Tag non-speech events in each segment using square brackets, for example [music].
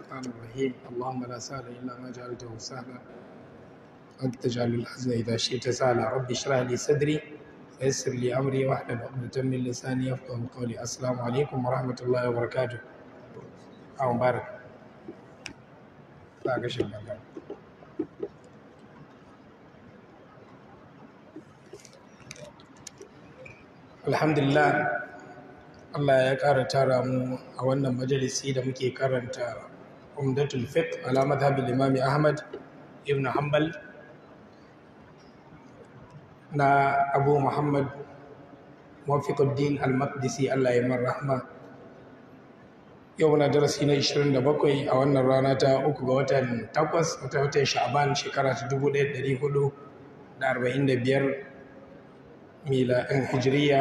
الرحمن الرحيم اللهم لا سهل إلا ما جعلته سهلا أنت تجعل الحزن إذا شئت سهلا رب اشرح لي صدري ويسر لي أمري واحلل عقدة من لساني يفقه قولي السلام عليكم ورحمة الله وبركاته أو مبارك لا قشر alhamdulillah Allah ya ƙara tara mu a wannan majalisi da muke karanta umdatul fiqh ala madhhabil imam ahmad ibn hanbal na abu muhammad muwafiquddin al rahma yau na darasi na 27 a wannan rana ta uku ga watan wata watan shekara ta 1445 mila ɗin hijiriya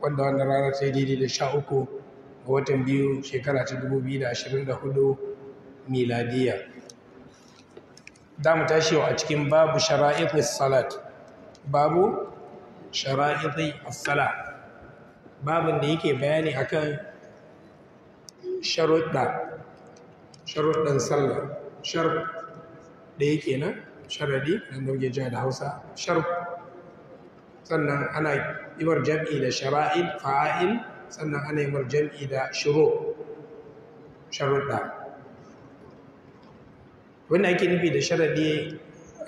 wanda wannan rana ta yi daidai da sha ga watan biyu shekara ta 2024 miladiya da mu tashi a cikin babu shara'iqis salat babu shara'iqis sala babin da yake bayani akan sharuɗa sharuɗan sallah shar da yake nan sharadi dan dauke jiya da Hausa shar sannan ana yi mar jam'i da shara'id fa'il sannan ana yi mar jam'i da shuru sharuɗa wanda ake nufi da sharadi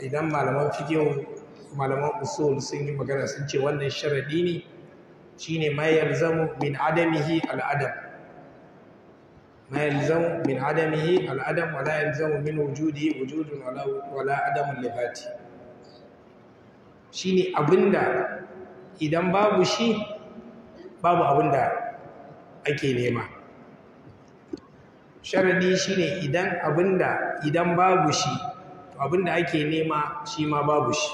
idan malaman fikihu malaman usul sun yi magana sun ce wannan sharadi ne shine ma yalzamu min adamihi al'adam ma yalzamu min adamihi al'adam wa la yalzamu min wujudi wujudun wa la adamun lifati shine abinda idan babu shi babu abinda ake nema sharadi shine idan abinda idan babu shi to abinda ake nema shi ma babu shi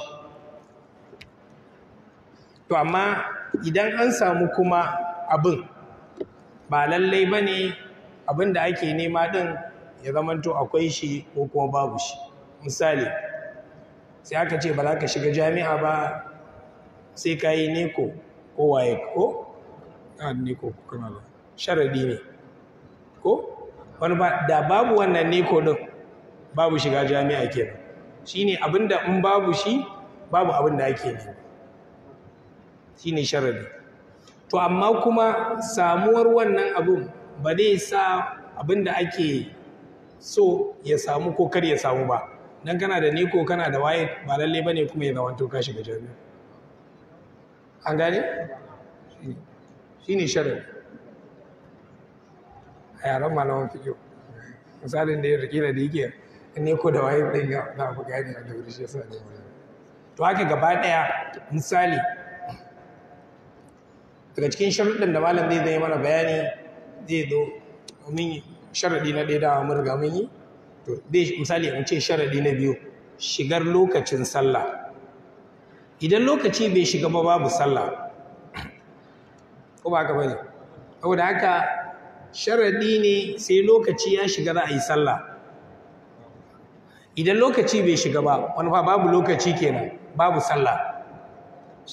to amma idan an samu kuma abin ba lallai ba ne abinda ake nema din ya zama zamanto akwai shi ko kuma babu shi misali sai aka ce ba za ka shiga jami'a ba sai ka yi neko ko waye ko neko ko kana ba sharadi ne ko wani ba da babu wannan neko din babu shiga jami'a kenan shine abinda in babu shi babu abinda ake ne shine sharadi to amma kuma samuwar wannan abun ba zai sa abinda ake so ya samu ko kar ya samu ba dan kana da ne ko kana da waye ba lalle bane kuma ya zamanto ka shiga jami'a an gane shine sharadi a yaran malaman fiƙo misalin da ya rikila da yake ne ko da waye ɗin ya na ku gane da wuri shi yasa ne to haka gaba ɗaya misali daga cikin sharuɗin da malam zai zai mana bayani zai zo domin sharaɗi na ɗaya dawa mun mun yi to dai misali in ce sharaɗi na biyu shigar lokacin sallah idan lokaci bai shiga ba babu sallah ko ba ka bane saboda haka sharaɗi ne sai lokaci ya shiga za a yi sallah idan lokaci bai shiga ba wani fa babu lokaci kenan babu sallah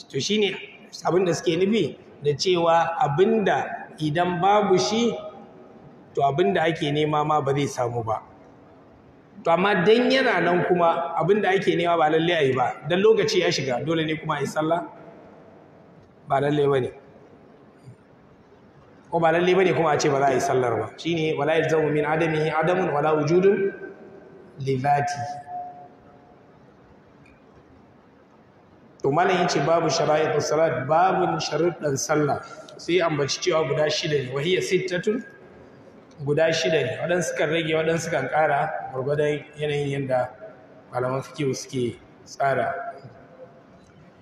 to shine ne abinda suke nufi da cewa abinda idan babu shi to abinda ake nema ma ba zai samu ba to amma dan yana nan kuma abinda ake nema ba lalle ayi ba dan lokaci ya shiga dole ne kuma ayi sallah ba lalle bane ko ba lalle bane kuma a ce ba za a yi sallar ba shine wala yalzamu min adamihi adamun wala wujudun libati to malam yace babu shara'itu salat babun sharuɗan sallah sai ambaci cewa guda shida ne wahiya sittatun guda shida ne waɗansu kan rage waɗansu kan ƙara gwargwadon yanayin yadda malaman fikiyu suke tsara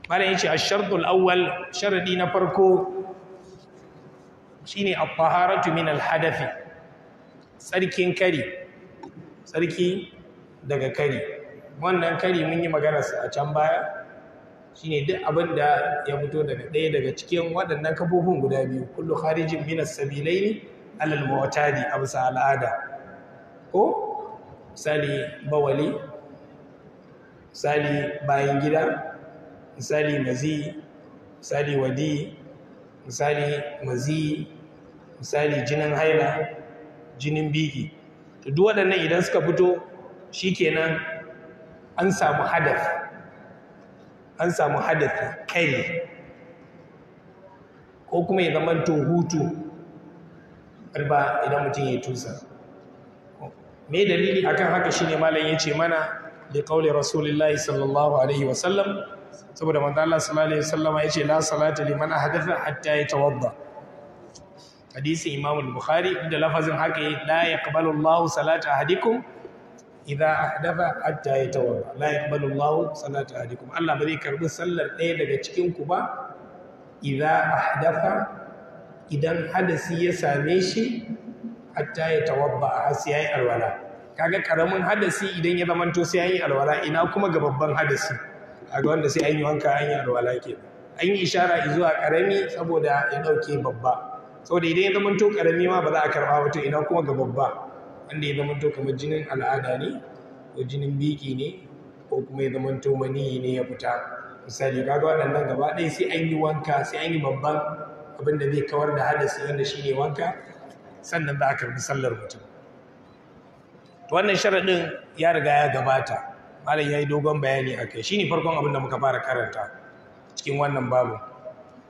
malam yace ash-shartul awwal sharadi na farko shine at-taharatu min al-hadafi tsarkin kari sarki. daga kari wannan kari mun yi maganarsa a can baya Shi ne duk abin da ya fito daga ɗaya daga cikin waɗannan kafofin guda biyu kullu harijin minas sabilaini alal mu'tadi a bisa al'ada ko misali bawali misali bayan gida misali mazi misali wadi misali mazi misali jinin haila jinin biki to duk waɗannan idan suka fito shikenan an samu hadaf an samu hadafi kai ko kuma ya zama to hutu ba idan mutum ya tusa me dalili akan haka shine malam yace mana li qawli rasulullahi sallallahu alaihi wasallam saboda manzo Allah sallallahu alaihi wasallam yace la salata liman ahdatha hatta yatawadda hadisi imam al-bukhari inda lafazin haka la yaqbalu Allahu salata ahadikum idza ahdafa hatta yatawadda la yaqbalu Allahu salata ahadikum Allah ba zai karbi sallar ɗaya daga cikin ku ba Idan ahdafa idan hadasi ya same shi hatta yatawadda har sai yayi alwala kaga karamin hadasi idan ya zamanto sai yayi alwala ina kuma ga babban hadasi kaga wanda sai an yi wanka an yi alwala ke an yi ishara zuwa karami saboda ya dauke babba saboda idan ya zamanto karami ma ba za a karba ba to ina kuma ga babba wanda ya zama kamar jinin al'ada ne ko jinin biki ne ko kuma ya zamanto mani ne ya fita misali kaga waɗannan gaba ɗaya sai an yi wanka sai an yi babban abin da zai kawar da hadasi wanda ne wanka sannan za a karbi sallar mutum wannan sharaɗin ya riga ya gabata malam ya yi dogon bayani a kai Shi ne farkon abin da muka fara karanta cikin wannan babu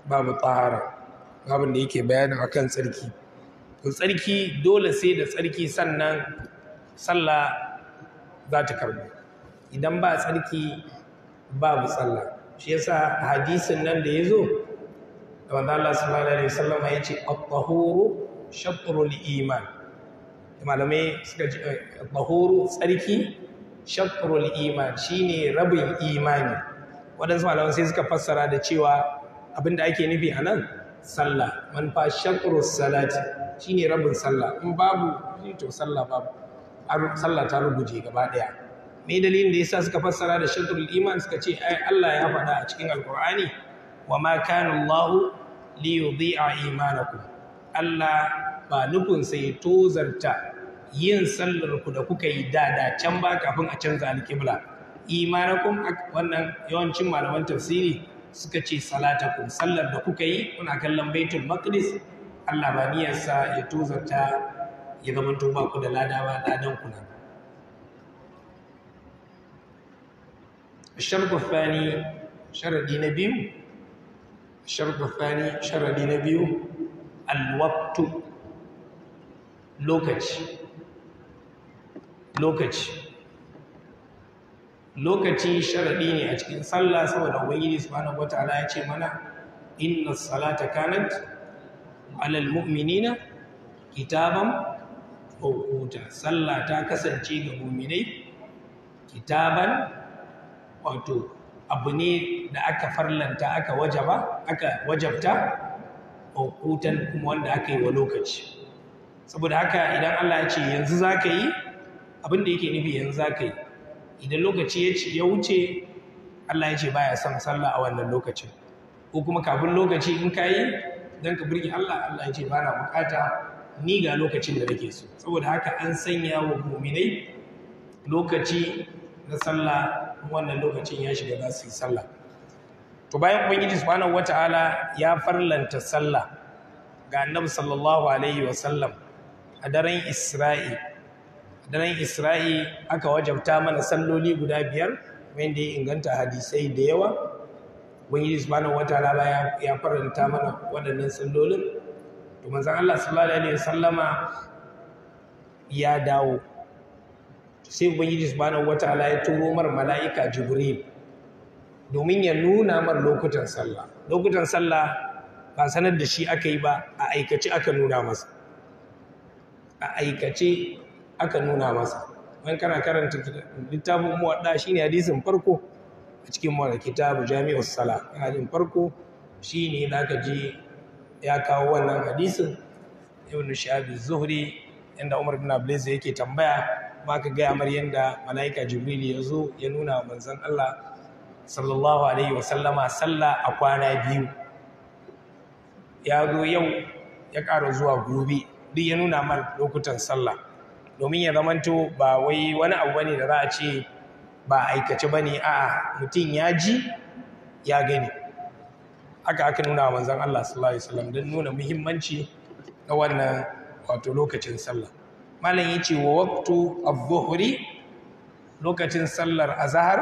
babu tsara babin da yake bayanin akan tsarki tsarki dole sai da tsarki sannan sallah za ta karbi idan ba tsarki babu sallah shi yasa hadisin nan da ya zo da wanda Allah sallallahu da wasallam ya ce ɓahoro tahuru iman malamai suka ce tsarki shatrul iman ne rabin imani waɗansu malamai sai suka fassara da cewa abinda ake nufi a nan sallah manfa shatrus salati Shi ne rabin sallah in babu to sallah babu sallah ta rubuje gaba daya me dalilin da yasa suka fassara da shatrul iman suka ce ai Allah ya faɗa a cikin alqur'ani wa ma kana Allah li yudhi'a imanakum Allah ba nufin sai tozarta yin sallar ku da kuka yi da can ba kafin a canza alƙibla imanakum wannan yawancin malaman tafsiri suka ce salatakum sallar da kuka yi kuna kallon baitul maqdis Allah ba niyarsa ya tozarta ya zama ba ku da ladawa lada ba kuna ku nan sharadi na biyu نبي الشرط sharadi na biyu alwaktu lokaci lokaci lokaci sharadi ne a cikin sallah saboda ubangiji subhanahu wataala ya ce mana inna salata kanat alal mu'minina kitaban mawquta sallah ta kasance ga mu'minai kitaban wato abu ne da aka farlanta aka wajaba aka wajabta mawqutan kuma wanda aka yi wa lokaci saboda haka idan Allah ya ce yanzu zaka yi abin da yake nufi yanzu zaka yi idan lokaci ya ce ya wuce Allah ya ce baya son sallah a wannan lokacin ko kuma kafin lokaci in ka yi don ka burge Allah Allah ya ce ba na bukata ni ga lokacin da nake so saboda haka an sanya wa muminai lokaci na sallah wannan lokacin ya shiga za su yi sallah to bayan ubangiji subhanahu wataala ya farlanta sallah ga annabi sallallahu alaihi wa sallam a daren isra'i a daren isra'i aka wajabta mana salloli guda biyar wanda ya inganta hadisai da yawa ubangiji subhanahu wataala ba ya faranta mana waɗannan sallolin to manzon Allah sallallahu alaihi wasallama ya dawo sai ubangiji subhanahu wataala ya turo mar mala'ika jibril domin ya nuna mar lokutan sallah lokutan sallah ba sanar da shi aka yi ba a aikace aka nuna masa a aikace aka nuna masa wani kana karanta littafin muwadda shine hadisin farko a cikin mara kitabu jami'ar sala yana jin farko shi ne za ka ji ya kawo wannan hadisin ibn shabi zuhri inda umar bin ablaza yake tambaya ma ka gaya mar yadda mala'ika jibril ya zo ya nuna manzon allah sallallahu alaihi wasallama sallah a kwana biyu ya zo yau ya ƙara zuwa gobe duk ya nuna mar lokutan sallah domin ya zamanto ba wai wani abu ne da za a ce ba aikace ba ne a mutum ya ji ya gani haka aka nuna manzan Allah sallallahu alaihi wasallam don nuna muhimmanci na wannan wato lokacin sallah malam ya ce wa waktu adh lokacin sallar azahar,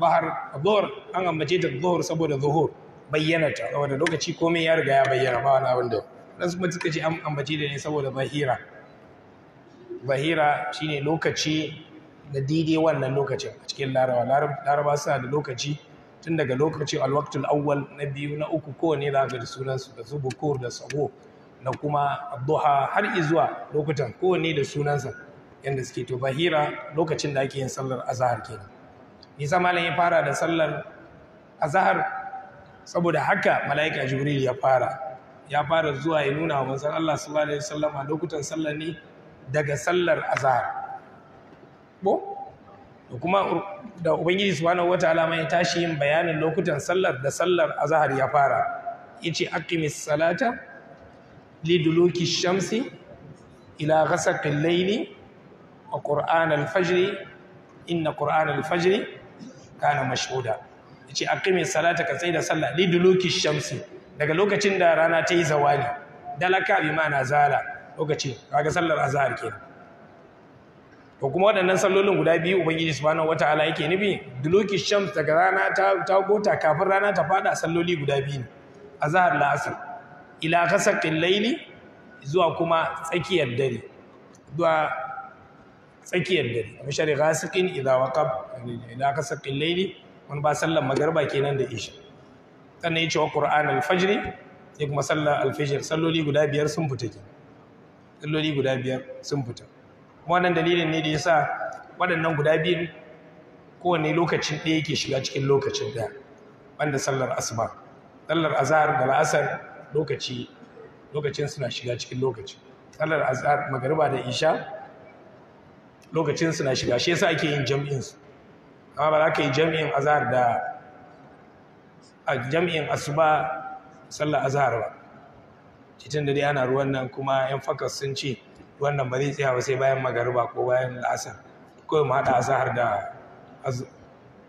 bahar dhuhr an ambace da dhuhr saboda zuhur bayyana ta wanda lokaci komai ya riga ya bayyana ba wani abin da dan su suka ce an ambace da ne saboda bahira bahira shine lokaci da daidai wannan lokacin a cikin laraba laraba suna da lokaci tun daga lokacin alwaktul awwal na biyu na uku kowane za ga sunansu da zubu bukur da sabo da kuma duha har izuwa lokutan kowane da sunansa yadda suke to bahira lokacin da ake yin sallar azahar kenan nisa malam ya fara da sallar azahar saboda haka mala'ika jibril ya fara ya fara zuwa ya nuna wa manzon Allah sallallahu alaihi wasallam lokutan sallar ne daga sallar azahar ko da kuma da ubangiji subhanahu wataala mai tashi yin bayanin lokutan sallar da sallar azhar ya fara yace aqimis salata duluki shamsi ila ghasaqil layli wa qur'an al-fajr inna qur'an al-fajr kana mashhuda yace aqimis salata ka tsaya da sallah duluki shamsi daga lokacin da rana ta yi zawali dalaka bi ma'ana zala lokacin kaga sallar azhar kenan to kuma waɗannan sallolin guda biyu ubangiji subhanahu wataala yake nufi duluki shams daga rana ta ta gota kafin rana ta fada salloli guda biyu ne azhar la asr ila ghasaqil layli zuwa kuma tsakiyar dare zuwa tsakiyar dare shari ghasiqin idza waqab ila ghasaqil layli mun ba sallan magarba kenan da isha sannan yace wa qur'an al-fajr ya kuma sallar al-fajr salloli guda biyar sun fita kenan salloli guda biyar sun fita wannan dalilin ne da ya sa waɗannan guda biyun kowane lokacin ɗaya ke shiga cikin lokacin da wanda sallar asuba sallar azahar da la'asar lokaci lokacin suna shiga cikin lokaci sallar azahar magariba da isha lokacin suna shiga shi yasa ake yin jam'in su amma ba za ka yi jam'in azahar da a jam'in asuba sallar azhar ba titin da dai ana ruwan nan kuma yan fakas sun ce wannan ba zai tsaya ba sai bayan magariba ko bayan la'asar kawai mu haɗa azahar da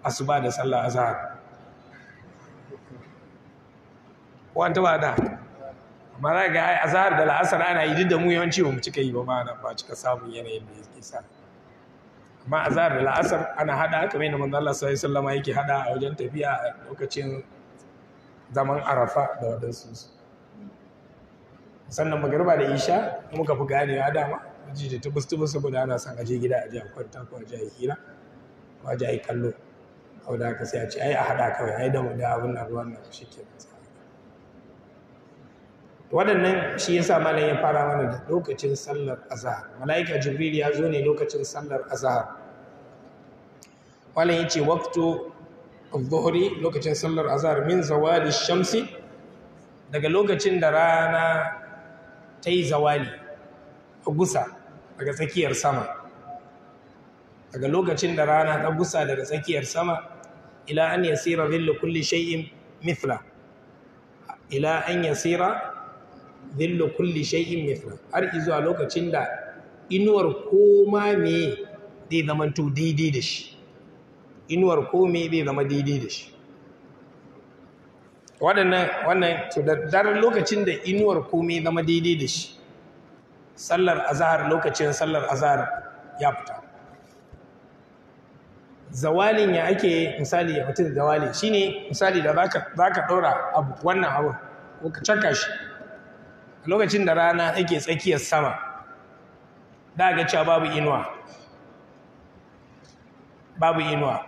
asuba da sallah azahar wani taba da amma za ga azahar da la'asar ana yi duk da mu yawanci ba mu cika yi ba ma ba cika samun yanayin da yake sa amma azahar da la'asar ana haɗa kamar yadda manzo Allah sallallahu alaihi wasallam yake haɗa a wajen tafiya a lokacin zaman arafa da wadansu sannan magariba da isha muka fi gane ya dama ji da tubus tubus saboda ana son aje gida aje a kwanta ko aje a yi hira ko aje a yi kallo a da aka sai a ce ai a haɗa kawai ai da da abin nan ruwan nan shi ke waɗannan shi yasa malam ya fara mana da lokacin sallar azahar mala'ika jibril ya zo ne lokacin sallar azahar malam ya ce waktu zuhri lokacin sallar azahar min zawali shamsi daga lokacin da rana ta yi zawali a gusa daga tsakiyar sama daga lokacin da rana ta gusa daga tsakiyar sama ila an yasira zillu kulli shay'in mifla ila an yasira zillu kulli shay'in mifla har izuwa lokacin da inuwar koma mai zai zama to daidai da shi inuwar mai zai zama daidai da shi waɗannan wannan to da dar lokacin da inuwar komai zama daidai da shi sallar azahar lokacin sallar azahar ya fita zawalin ya ake misali ya mutum zawali shine misali da za ka ɗora abu wannan abu ko ka canka shi lokacin da rana ake tsakiyar sama da ga cewa babu inuwa babu inuwa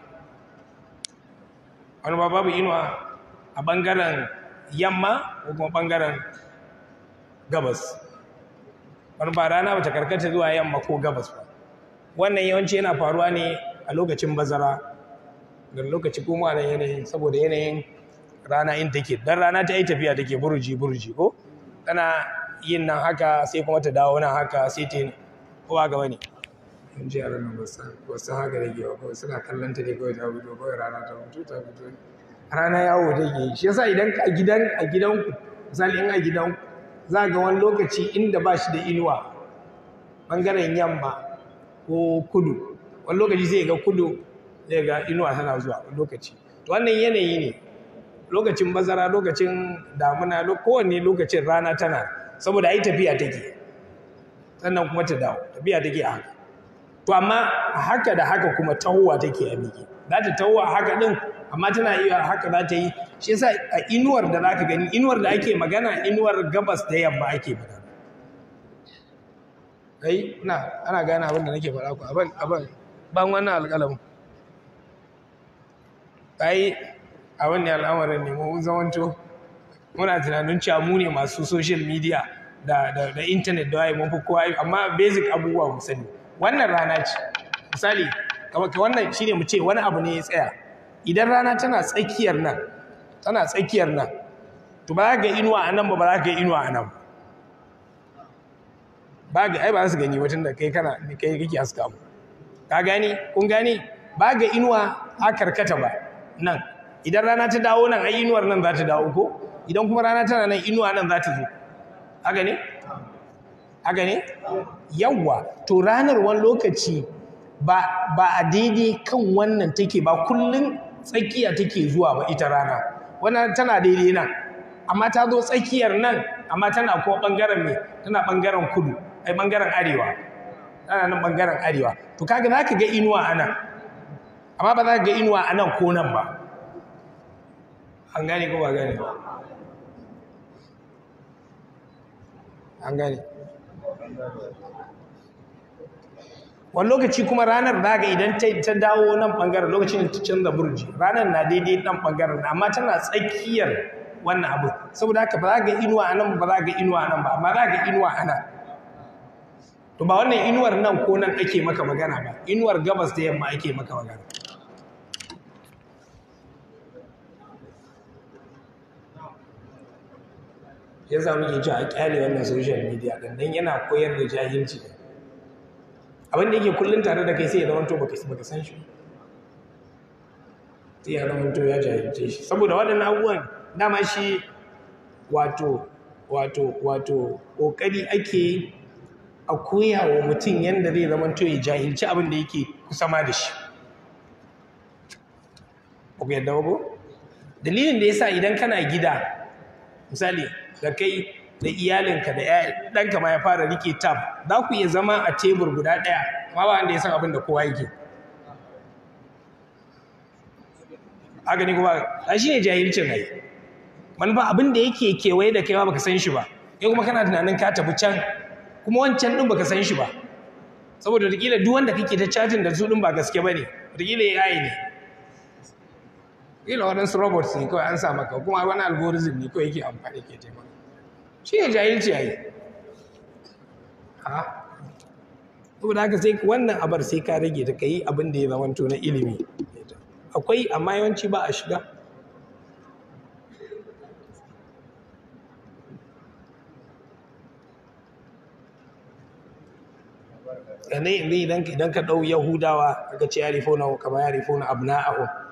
wani ba babu inuwa a ɓangaren yamma ko kuma ɓangaren gabas wani ba rana ba ta karkata zuwa yamma ko gabas ba wannan yawanci yana faruwa ne a lokacin bazara da lokaci kuma da yanayin saboda yanayin rana in take dan rana ta yi tafiya take burji burji ko tana yin nan haka sai kuma ta dawo nan haka sai ta yi kowa gaba ne in ji a ranar wasu haka da ke kawai suna kallon ta ne kawai ta fito kawai rana ta fito ta fito rana yawo take yi shi yasa idan a gidan a gidanku misali in a gidanku za ga wani lokaci inda ba shi da inuwa bangaren yamma ko kudu wani lokaci zai ga kudu zai ga inuwa tana zuwa wani lokaci to wannan yanayi ne lokacin bazara lokacin damuna kowanne lokacin rana tana saboda ai tafiya take sannan kuma ta dawo tafiya take a haka to amma haka da haka kuma tahowa take a miƙe za ta a haka din amma tana iya haka za ta yi shi yasa a inuwar da za ka gani inuwar da ake magana inuwar gabas ta yamma ake magana kai na ana gane abin da nake faɗa ku abin abin ban wannan alƙalamin kai abin ne al'amarin ne mun zamanto muna tunanin cewa mu ne masu social media da da da internet da waye mun fi kowa amma basic abubuwa mu sani wannan rana ce misali kawai wannan ne mu ce wani abu ne ya tsaya idan rana tana tsakiyar nan tana tsakiyar nan to ba za ga inuwa a nan ba ba za ga inuwa a nan ba ga ai ba za su gani wajen da kai kana kai kake haska mu ka gani kun gani ba ga inuwa a karkata ba nan idan rana ta dawo nan ai inuwar nan za ta dawo ko idan kuma rana tana nan inuwa nan za ta zo ka ne haka ne yawwa to ranar wani lokaci ba a daidai kan wannan take ba kullum tsakiya take zuwa ba ita rana wannan tana daidai nan amma ta zo tsakiyar nan amma tana ko bangaren me tana bangaren kudu ai bangaren arewa tana nan bangaren arewa to kaga zaka ga inuwa a nan, amma ba za ka ga inuwa a nan ko nan ba an gane ko ba gane ba an gane wani lokaci kuma ranar za ga idan ta dawo nan ɓangaren lokacin ta canza burji ranar na daidai nan ɓangaren amma tana tsakiyar wannan abu saboda haka ba za ga inuwa a nan ba za ga inuwa a nan ba amma za ga inuwa a nan to ba wannan inuwar nan ko nan ake maka magana ba inuwar gabas da yamma ake maka magana ya zama ke ji a kyale wannan social media ɗin yana koyar da jahilci abin da yake kullum tare da kai sai ya zama to baka ka san shi sai ya zama to ya jahilce shi saboda waɗannan abubuwan dama shi wato wato wato kokari ake a koya wa mutum yadda zai zama to ya jahilci abin da yake kusa ma da shi ku yadda ba dalilin da ya sa idan kana gida misali da kai da iyalinka da ɗanka ma ya fara rike tab za ku iya zama a tebur guda ɗaya ma ba wanda ya san abin da kowa yake haka ne kuma a shi ne jahilcin ai ba abin da yake kewaye da kai ba baka san shi ba kai kuma kana tunanin ka tafi can kuma wancan ɗin baka san shi ba saboda wataƙila duk wanda kake ta cajin da su ɗin ba gaske ba ne wataƙila yi ne ƙila waɗansu robot ne kawai an sa maka kuma wani algorithm ne kawai yake amfani ke taimaka shi ne jahilci ya yi ha ah. da haka sai wannan abar sai ka rage ta kai abin da ya zamanto na ilimi akwai amma yawanci ba a shiga ne idan ka ɗau yahudawa ka ce ya rifo na kamar ya rifo na abu na'ahu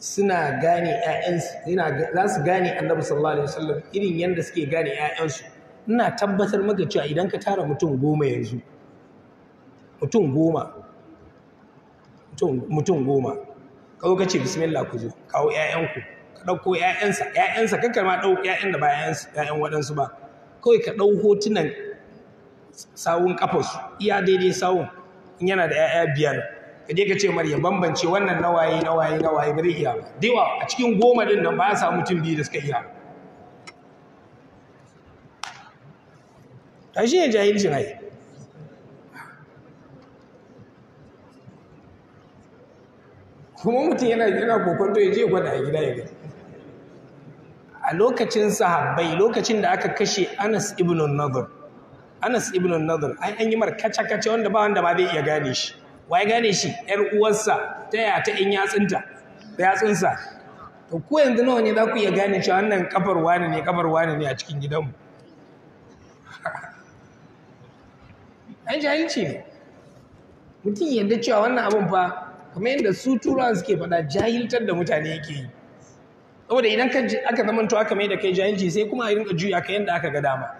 suna gane ‘ya’yansu za su gane annabi sallallahu alaihi wasallam irin yadda suke gane ƴaƴansu ina tabbatar maka cewa idan ka tara mutum goma yanzu mutum goma mutum goma kawo ka ce bismillah ku zo kawo ƴaƴanku ka ɗauko ƴaƴansa ƴaƴansa kankan ma ɗau ƴaƴan da ba ƴaƴan waɗansu ba kawai ka ɗau hotunan sawun ƙafarsu iya daidai sawun in yana da ƴaƴa biyar ka je ka ce mar bambance wannan nawaye nawaye nawaye bari iya ba dewa a cikin goma din nan ba a samu mutum biyu da suka iya ta shi ne jahilcin ai kuma mutum yana yana kokonto ya je gwada a gida ya gani a lokacin sahabbai lokacin da aka kashe Anas ibn Nadhr Anas ibn Nadhr ai an yi mar kace wanda ba wanda ba zai iya gane shi Wa ya gane shi ‘yar uwarsa ta ya ta ‘yan yatsunta yatsunsa to ku yanzu nawa ne za ku iya gane cewa wannan kafar wani ne kafar wani ne a cikin gidanmu an [laughs] jahilci ne mutum yadda cewa wannan abin fa kamar yadda su turawa suke faɗa jahiltar da mutane yake yi saboda idan aka zamanto aka mai da kai jahilci sai kuma a rinka juya ka yadda aka ga dama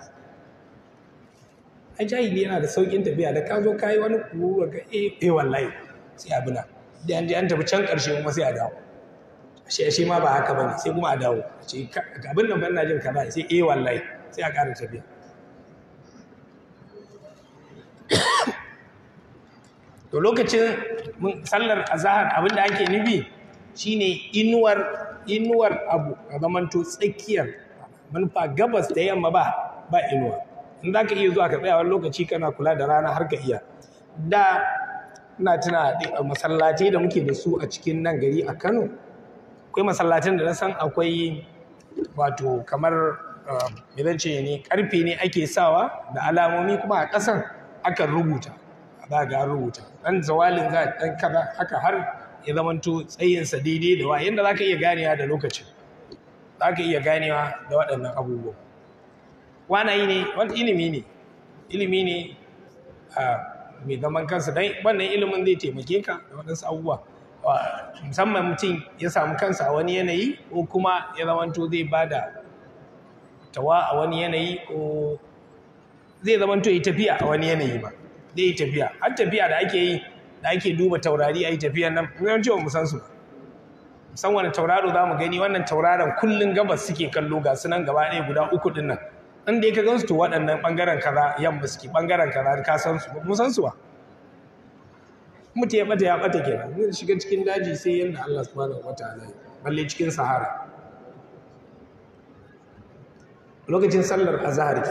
A jahili yana da saukin tafiya da ka zo ka yi wani kuruwa ga eh eh wallahi sai abuna da an je an tafi can karshe kuma sai a dawo ashe shi ma ba haka bane sai kuma a dawo ce abin nan ban na jin kaza sai eh wallahi sai a ƙara tafiya to lokacin mun sallar azahar abin da ake nufi shine inuwar inuwar abu a zamanto tsakiyar manufa gabas da yamma ba ba inuwa in za ka iya zuwa ka tsaya lokaci kana kula da rana har ka iya da ina tuna masallatai da muke da su a cikin nan gari a kano akwai masallatan da na san akwai wato kamar eh, milance ne karfe ne ake sawa da alamomi kuma a ƙasan akan rubuta za ga rubuta dan zawalin za dan kaza haka har ya zamanto tsayinsa daidai da wa yanda za ka iya ganewa da lokacin za ka iya ganewa da waɗannan abubuwa. wanayi ne wani ilimi ne ilimi ne mai zaman kansa don wannan ilimin zai taimake ka da waɗansu abubuwa musamman mutum ya samu kansa a wani yanayi ko kuma ya zamanto zai ba da tawa a wani yanayi ko zai zamanto ya tafiya a wani yanayi ba zai yi tafiya har tafiya da ake yi da ake duba taurari a yi tafiya nan musamman ce mu san su wani tauraro za mu gani wannan tauraron kullum gabas suke kallo ga sunan nan gaba ɗaya guda uku ɗin nan inda ya ka gansu to waɗannan ɓangaren kaza yamma suke ɓangaren kaza ka san su mu san su ba mutu ya ɓata ya ɓata kenan zai shiga cikin daji sai yadda Allah subhanahu wata ya balle cikin sahara lokacin sallar azhar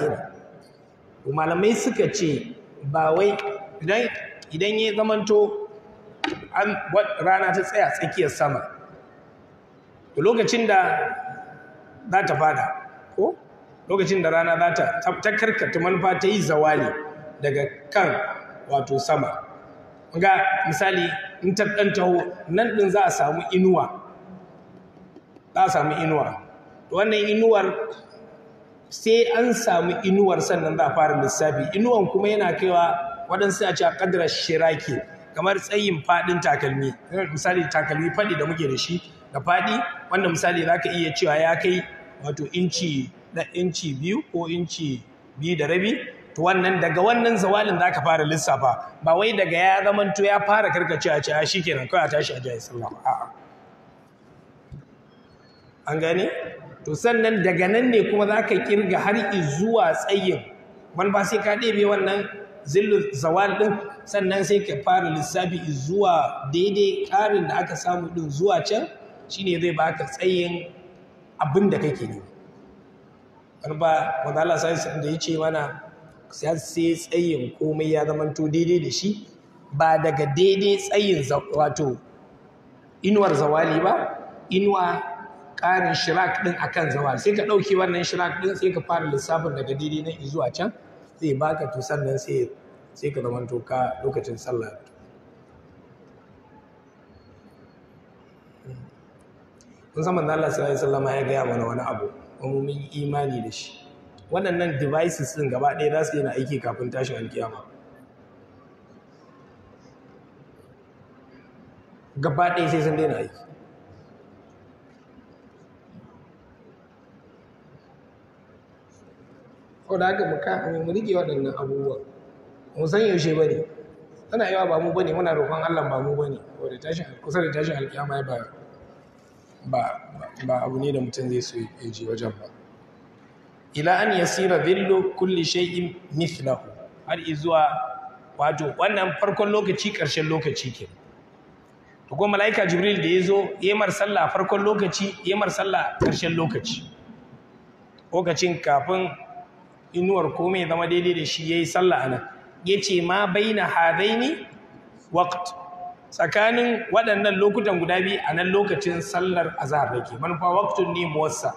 ko malamai suka ce ba wai idan idan ya zamanto an rana ta tsaya tsakiyar sama lokacin da za ta fada ko lokacin da rana za ta ta karkata manufa ta yi zawali daga kan wato sama ga misali in ta ɗan taho nan ɗin za a samu inuwa za a samu inuwa wannan inuwar sai an samu inuwar sannan za a fara lissafi inuwan kuma yana kaiwa waɗansu a ce a shiraki kamar tsayin faɗin takalmi misali takalmi faɗi da muke da shi da faɗi wanda misali za ka iya cewa ya kai wato inci na inci biyu ko inci biyu da rabi to wannan daga wannan zawalin za ka fara lissafa ba wai daga ya zamanto ya fara karkacewa ce a ah, shikenan kawai a tashi a jayi sallah a'a an gani? to sannan daga nan ne kuma za ka kirga har zuwa tsayin wani ba sai ka ɗebe wannan zillu zawal ɗin sannan sai ka fara lissafi zuwa daidai ƙarin da aka samu ɗin zuwa can shine zai baka tsayin abin da kake nema Karba, ba wanda Allah sai da ya ce mana sai tsayin komai ya to daidai da shi ba daga daidai tsayin wato inuwar zawali ba inuwa ƙarin shirak ɗin akan zawali sai ka ɗauki wannan shirak ɗin sai ka fara lissafin daga daidai na zuwa can zai baka to sannan sai sai ka zamanto ka lokacin sallah kun san manzo sallallahu ya gaya mana wani abu kuma mun yi imani da shi waɗannan devices ɗin gaba ɗaya za su yana aiki kafin tashin alkiyama gaba ɗaya sai sun daina aiki ko da haka mu rike waɗannan abubuwa mu san yaushe ba ne tana yawa ba mu ba ne muna roƙon allah ba mu ba ne kusa da tashin alkiyama ya bayar ba abu ne da mutum zai so ya je wajen ba ila an yasira zillo kulli shay'in mithlahu har izuwa wato wannan farkon lokaci ƙarshen lokaci ke to ko malaika jibril da ya zo yemar sallah farkon lokaci yemar sallah ƙarshen lokaci lokacin kafin inuwar komai zama daidai da shi yayi sallah anan ce ma baina hadaini waqt tsakanin waɗannan lokutan guda biyu a nan lokacin sallar azhar ke, manufa waktun ne muwassa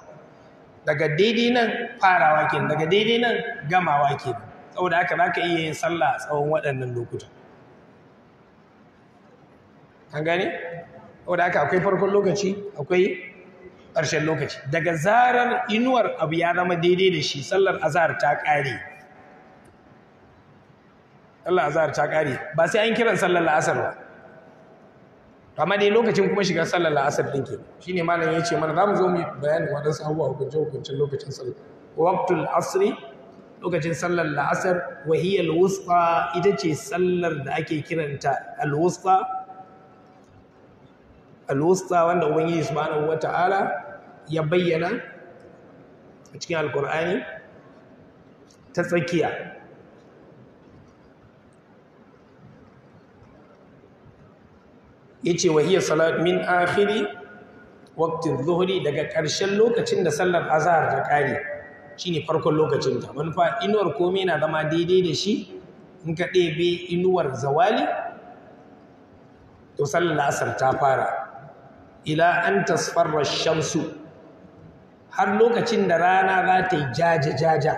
daga daidai nan farawa ke daga daidai nan gamawa ke saboda haka za ka iya yin sallah a tsawon waɗannan lokutan an gane saboda haka akwai farkon lokaci akwai ƙarshen lokaci daga zarar inuwar abu ya zama daidai da shi sallar azhar ta ƙare sallar azhar ta ƙare ba sai an kiran sallar la'asar ba to dai lokacin kuma shiga sallar la'asar din ke shine malam ya ce mana zamu zo mu bayanin wadansu abubuwa hukunce hukuncin lokacin sallar waqtul asri lokacin sallar la'asar wa hiya wusta ita ce sallar da ake kiranta al-wusta al-wusta wanda ubangiji subhanahu ala, ya bayyana a cikin alkur'ani ta tsakiya yace wa hiya salat min akhiri waqtin zuhri daga ƙarshen lokacin da sallar azhar ta kare shine farkon lokacin ta manufa inuwar komai na zama daidai da shi in ka ɗebe inuwar zawali to sallar asar ta fara ila an tasfarra shamsu har lokacin da rana za ta yi jaja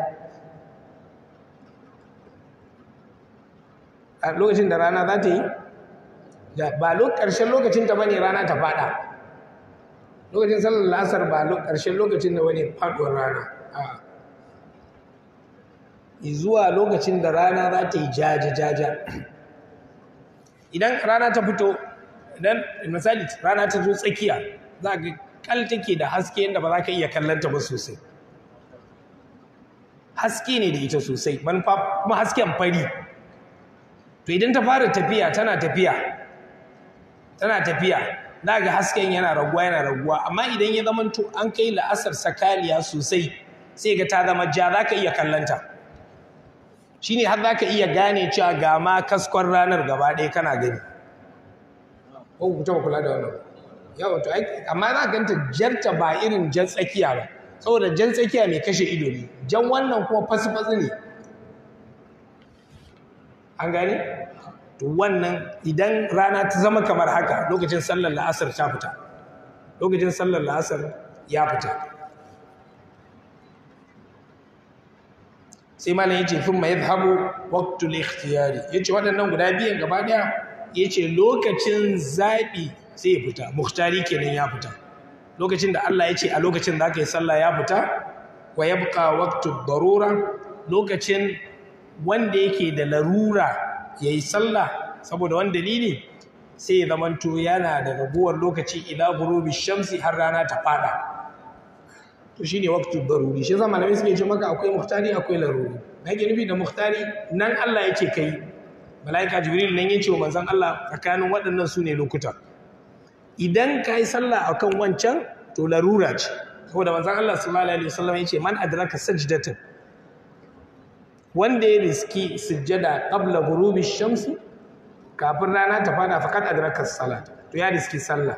a lokacin da rana za ta yi ba ƙarshen lokacin ta bane rana ta faɗa lokacin sallar la'asar ba ƙarshen lokacin da bane faɗuwar rana a zuwa lokacin da rana za ta yi jaja-jaja [clears throat] idan rana ta fito idan misali rana ta zo tsakiya za a kal take da haske inda ba za ka iya kallonta ba sosai haske ne da ita sosai manufa kuma hasken fari to idan ta fara tafiya tana tafiya tana tafiya za ga hasken yana raguwa yana raguwa amma idan ya zama to an kai la'asar sakaliya sosai sai ga ta zama ja za ka iya kallanta shine har za ka iya gane cewa ga ma kaskon ranar gaba ɗaya kana gani ko ku taɓa kula da wannan amma za ka ganta jarta ba irin jan tsakiya ba saboda jan tsakiya mai kashe ido ne jan wannan kuma fasfasi ne an gane wannan idan rana ta zama kamar haka lokacin sallar la'asar ta fita lokacin sallar la'asar ya fita sai malam yace fin ma yadhhabu waqtu al-ikhtiyari yace waɗannan guda biyan gaba daya yace lokacin zabi sai ya fita muhtari kenan ya fita lokacin da Allah yace a lokacin zaka yi sallah ya fita wa yabqa waqtu darura lokacin wanda yake da larura ya yi sallah saboda wani dalili sai ya zamanto yana da raguwar lokaci ila gurubi shamsi har rana ta fada to shi ne waqtu daruri shi zama malamai suke ce maka akwai muhtari akwai laruri na yake nufi da muhtari nan Allah ya ce kai malaika jibril nan ce wa manzan Allah tsakanin waɗannan su ne lokuta idan ka yi sallah akan wancan to larura ce saboda manzon Allah sallallahu alaihi wasallam ce man adraka sajdatan wanda ya riski sujjada qabla ghurubi shamsi kafin rana ta fada faqad adraka salat to ya riski sallah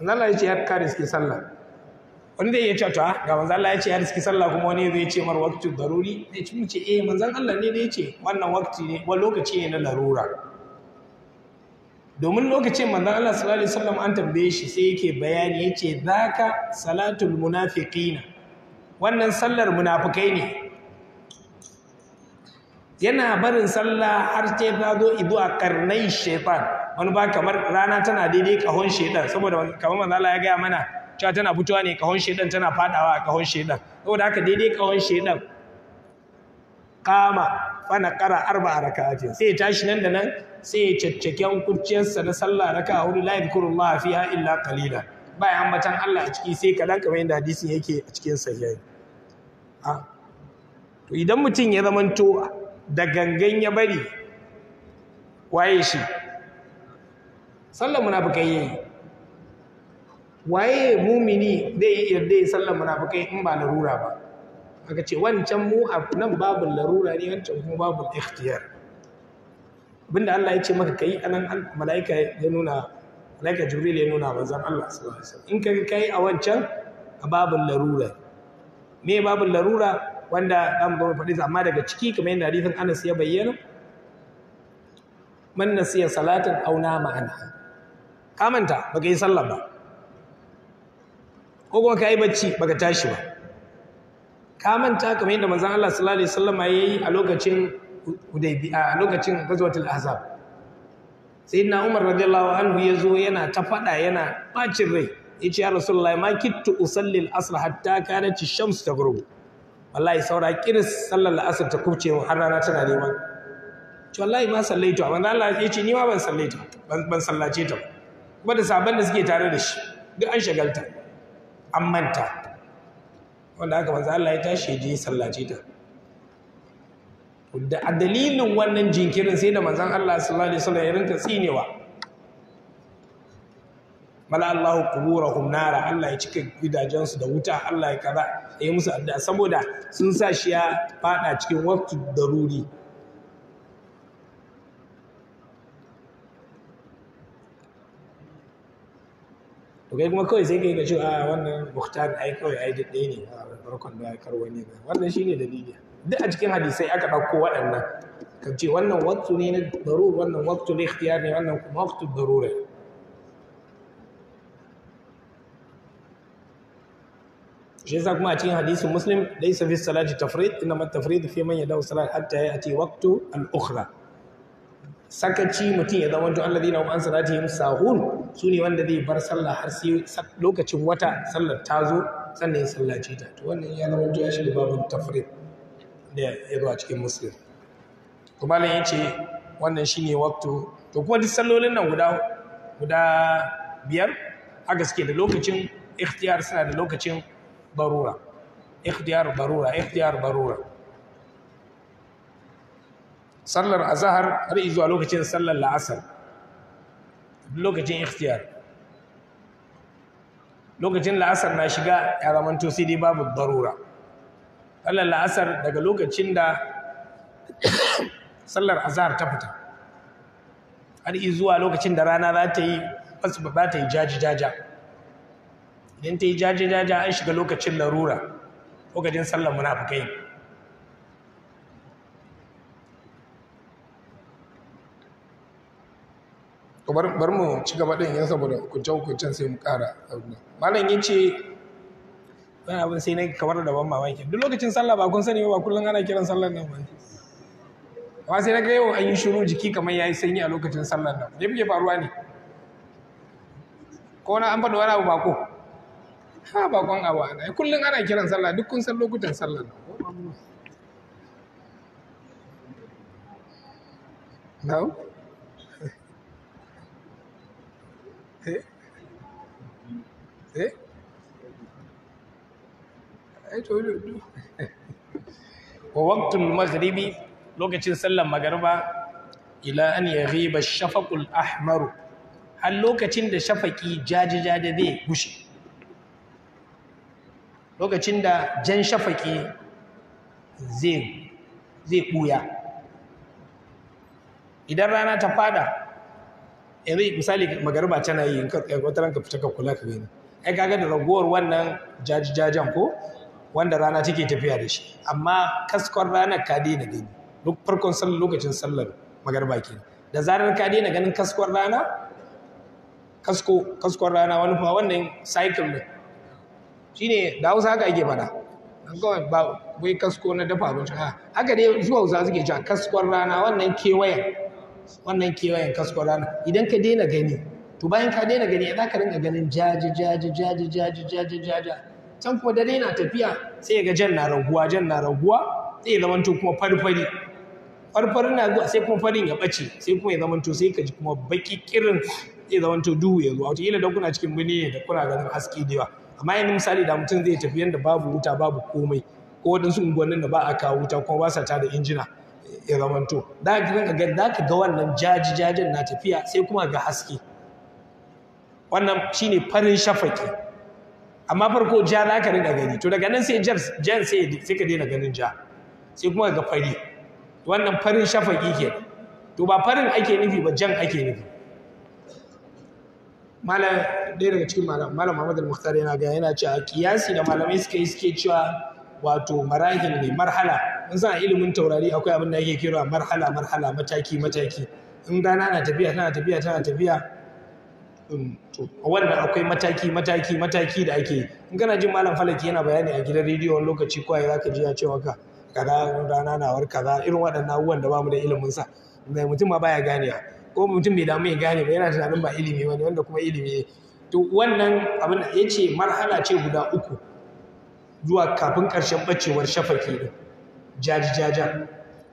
manzo Allah ya ce ya ka riski sallah wanda ya ce to ah, ga manzo Allah ya ce ya riski sallah kuma wani zai ce mar waqtu daruri zai ce muce eh manzo Allah ne da ya ce wannan waqti ne wa lokaci ne na larura domin lokacin manzo Allah sallallahu alaihi wasallam an tambaye shi sai yake bayani yace zaka salatul munafiqina wannan sallar munafikai ne yana barin sallah har ce ta zo a karnai shaitan wani ba kamar rana tana daidai kahon shaitan saboda kamar manzo ya gaya mana cewa tana fitowa ne kahon shaitan tana fadawa a kahon shaitan saboda haka daidai kahon shaitan kama fana kara arba'a raka'atin sai ya tashi nan da nan sai ya caccake kurciyarsa na sallah raka'a hudu la fi fiha illa kalila baya ambatan Allah a ciki sai kadan kamar yadda hadisin yake a cikin sahihi ah. to idan mutum ya zama zamanto da gangan ya bari waye shi sallar munafikai yayi waye mumini zai yarda ya sallar munafikai in ba larura ba aka ce wancan mu nan babu larura ne wancan kuma babu ikhtiyar abinda Allah ya ce maka kai anan mala'ika ya nuna mala'ika jibril ya nuna manzon Allah sallallahu alaihi wasallam in ka kai a wancan a babul larura me babul larura wanda zamu zo faɗi amma daga ciki kamar yadda hadisin Anas ya bayyana man nasiya salatin aw nama anha kamanta baka yi sallah ba ko kuma kai bacci baka tashi ba kamanta kamar yadda manzon Allah sallallahu alaihi wasallam yayi a lokacin Hudaybiya a lokacin Ghazwatul Ahzab sayyidina Umar radiyallahu anhu zo yana ta fada yana ɓacin rai yace ya Rasulullahi ma kittu usalli al-asr hatta kana ash-shams taghrubu wallahi saura kiris sallar la'asar ta kubce mu har rana tana nema to wallahi ma sallaito manzo Allah ya ce ni ma ban sallaita ban sallace ta kuma da sabon da suke tare da shi duk an shagalta an manta wanda haka manzo Allah ya tashi je sallace ta da a dalilin wannan jinkirin sai da manzon Allah sallallahu alaihi wasallam ya rinka tsinewa mala Allahu quburahum nara Allah ya cika gidajensu da wuta Allah ya kaza da yi musu addu'a saboda sun sa shi ya fada cikin waktu daruri to kai kuma kawai sai kai ga cewa ah, wannan muhtar ai kawai ai ɗaya ne a farkon da kar wani ne wannan shine dalili duk a cikin hadisai aka ɗauko waɗannan kan ce wannan waktu ne na darur wannan waktu ne ikhtiyar ne wannan kuma waktu darura shi yasa kuma a cikin hadisin muslim laysa fi salati tafrid inma tafrid fi man yadaw salat hatta yati waqtu al-ukhra sakaci mutum ya zama to alladhina hum an salatihim sahun sune wanda zai bar sallah har sai lokacin wata sallar ta zo sannan ya sallace ta to wannan ya zama to ya shiga babin tafrid da ya zo a cikin muslim kuma lan yace wannan shine waqtu to kuma duk sallolin nan guda guda biyar haka suke da lokacin ikhtiyar suna da lokacin barura ikhtiyar barura ikhtiyar barura sallar azahar har zuwa lokacin sallar la'asar lokacin ikhtiyar lokacin la'asar na shiga ya zamanto sai dai babu barura sallar la'asar daga lokacin da [coughs] sallar azahar ta fita har zuwa lokacin da rana za ta yi jaji-jaja idan ta yi jaje-jaje an shiga lokacin larura lokacin sallar munafukai bar mu ci gaba ɗin yin saboda kuncen-kuncen sai mu ƙara malam yin ce wani abin sai na kamar da ban mamaki duk lokacin sallah ba kun sani ba kullum ana kiran sallar nan wani Ba sai na gaiwa an yi shiru jiki kamar ya yi sanyi a lokacin sallar nan ne muke faruwa ne ko na an faɗi wani abu ba ko ha bakon abu ana kullum ana kiran sallah duk kun san lokutan sallah now [laughs] eh eh ai to [laughs] wa waktun maghribi lokacin sallar magariba ila an ya ash-shafaqul ahmaru har lokacin da shafaki jaji jaji zai gushe lokacin da jan shafaki zai ɓuya idan rana ta fada yanzu misali magariba tana yi eh, wata ranka fita ka kula ka gani ai kaga da raguwar wannan jajajen ko wanda rana take tafiya da shi amma kaskon ranar ka daina gani duk farkon sallar lokacin sallar magariba ke da zarar ka daina ganin kaskon rana kasko kaskon rana wani fa wannan cycle ne Shi ne da hausa haka ake fada kawai ba wai kasko na dafa abinci ha haka dai zuwa hausa suke cewa kaskon rana wannan kewayen wannan kewayen kaskon rana idan ka daina gani to bayan ka daina gani za ka rinka ganin jaji jaji jaji jaji jaji jaji can kuma dare na tafiya sai ga jan na raguwa jan na raguwa sai ya zamanto kuma farfari farfarin na zuwa sai kuma farin ya bace sai kuma ya zamanto sai ka ji kuma baki kirin sai ya zamanto duhu ya zo a wata da da kuna cikin birni ne da kuna ganin haske da yawa amma yanzu misali da mutum zai tafi yadda babu wuta babu komai ko waɗansu unguwannin da ba a kawo wuta kuma ba sa tada injina ya zamanto za ka ga za ka ga wannan jaji jajin na tafiya sai kuma ga haske wannan shine farin shafaki amma farko ja za ka rika gani to daga nan sai jan sai ka daina ganin ja sai kuma ga fari wannan farin shafaki ke to ba farin ake nufi ba jan ake nufi malam ɗaya daga cikin malam malam Muhammad al-Mukhtar yana ga yana cewa kiyasi da malamai suka yi suke cewa wato marahil ne marhala in san ilimin taurari akwai abin da yake kira marhala marhala mataki mataki in gana na tafiya tana tafiya tana tafiya um, to wannan akwai mataki mataki mataki da ake in kana jin malam falaki yana bayani a gidan rediyo wani lokaci kawai zaka ji ya ce maka kaza rana na war kaza irin waɗannan abubuwan da bamu da ilimin sa mutum ma baya ganewa ko mutum bai damu ya gane ba yana tunanin ba ilimi ba ne wanda kuma ilimi ne to wannan abin ya ce marhala ce guda uku zuwa kafin ƙarshen ɓacewar shafaki ne jajijaja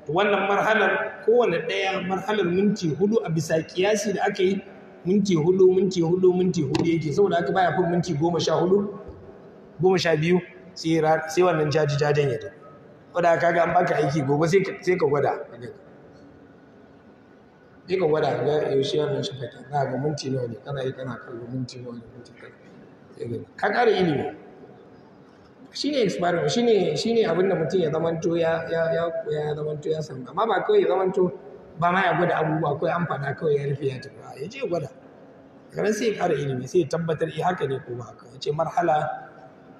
wannan marhalar kowane ɗaya marhalar minti hudu a bisa kiyasi da aka yi minti hudu minti hudu minti hudu yake saboda aka baya fin minti goma sha hudu goma sha biyu sai wannan jajijajen ya ta wadda kaga an baka aiki gobe sai ka gwada sai wada ga ga yaushe wannan shi fata na ga minti nawa ne kana yi kana kallo minti nawa ne minti kaza ka ƙara ilimi shi ne shi ne abinda mutum ya zama to ya ya ya ya to ya samu amma ba kawai ya zama to ba ma ya gwada abubuwa kawai an fada kawai ya rufe ya tafi ya je gwada kamar sai ya ƙara ilimi sai ya tabbatar eh haka ne ko ba haka ya ce marhala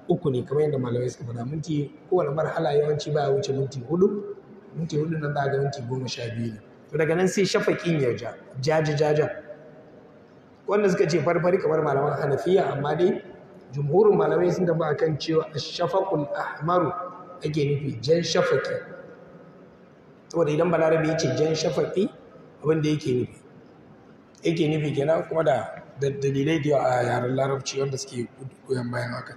uku ne kamar yadda malamai suka faɗa minti kowane marhala yawanci baya wuce minti hudu minti hudu nan za ga minti goma sha biyu ne daga nan sai shafaƙin ya ja jaji jajan wanda suka ce farfari kamar malaman hanafiya amma dai jumhurin malamai sun dafa akan cewa a shafaƙun ahmaru ake nufi jan shafaƙi saboda idan balarabe ce jan shafaƙi, abin da yake nufi yake nufi kenan kuma da dalilai da a yaren larabci wanda suke goyon bayan haka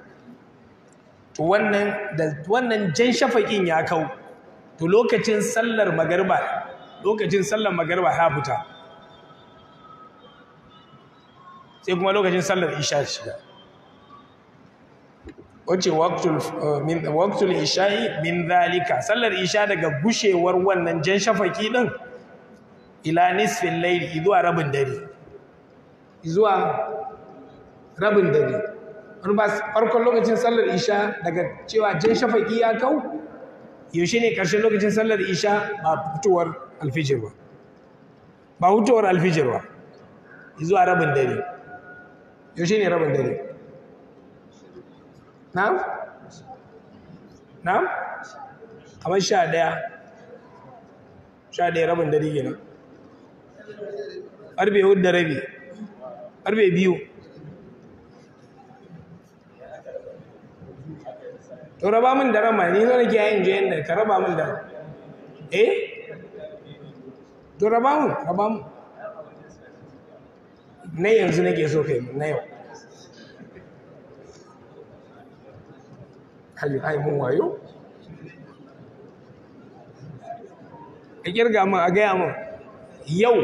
to wannan da wannan jan shafaƙin ya kau to lokacin sallar magarba lokacin sallar magarba ya fita sai kuma lokacin sallar isha shiga wace eh, waktul isha'i min zalika sallar isha daga gushewar wannan jan shafaki din ila nisfin laili zuwa rabin dare zuwa rabin dare farkon lokacin sallar isha daga cewa jan shafaki ya kau yaushe ne ƙarshen lokacin sallar isha ba fitowar alfijir ba ba alfijirwa? alfijir ba zuwa rabin dare yaushe ne rabin dare na? na? kamar sha ɗaya sha ɗaya rabin dare gina ƙarfe hudu da rabi ƙarfe biyu to raba min da rama ni zo nake yayin je yanda ka raba min da eh to raba mun? raba mun. na yanzu nake so kai na yau hali ai mun wayo a kirga mun a gaya mun yau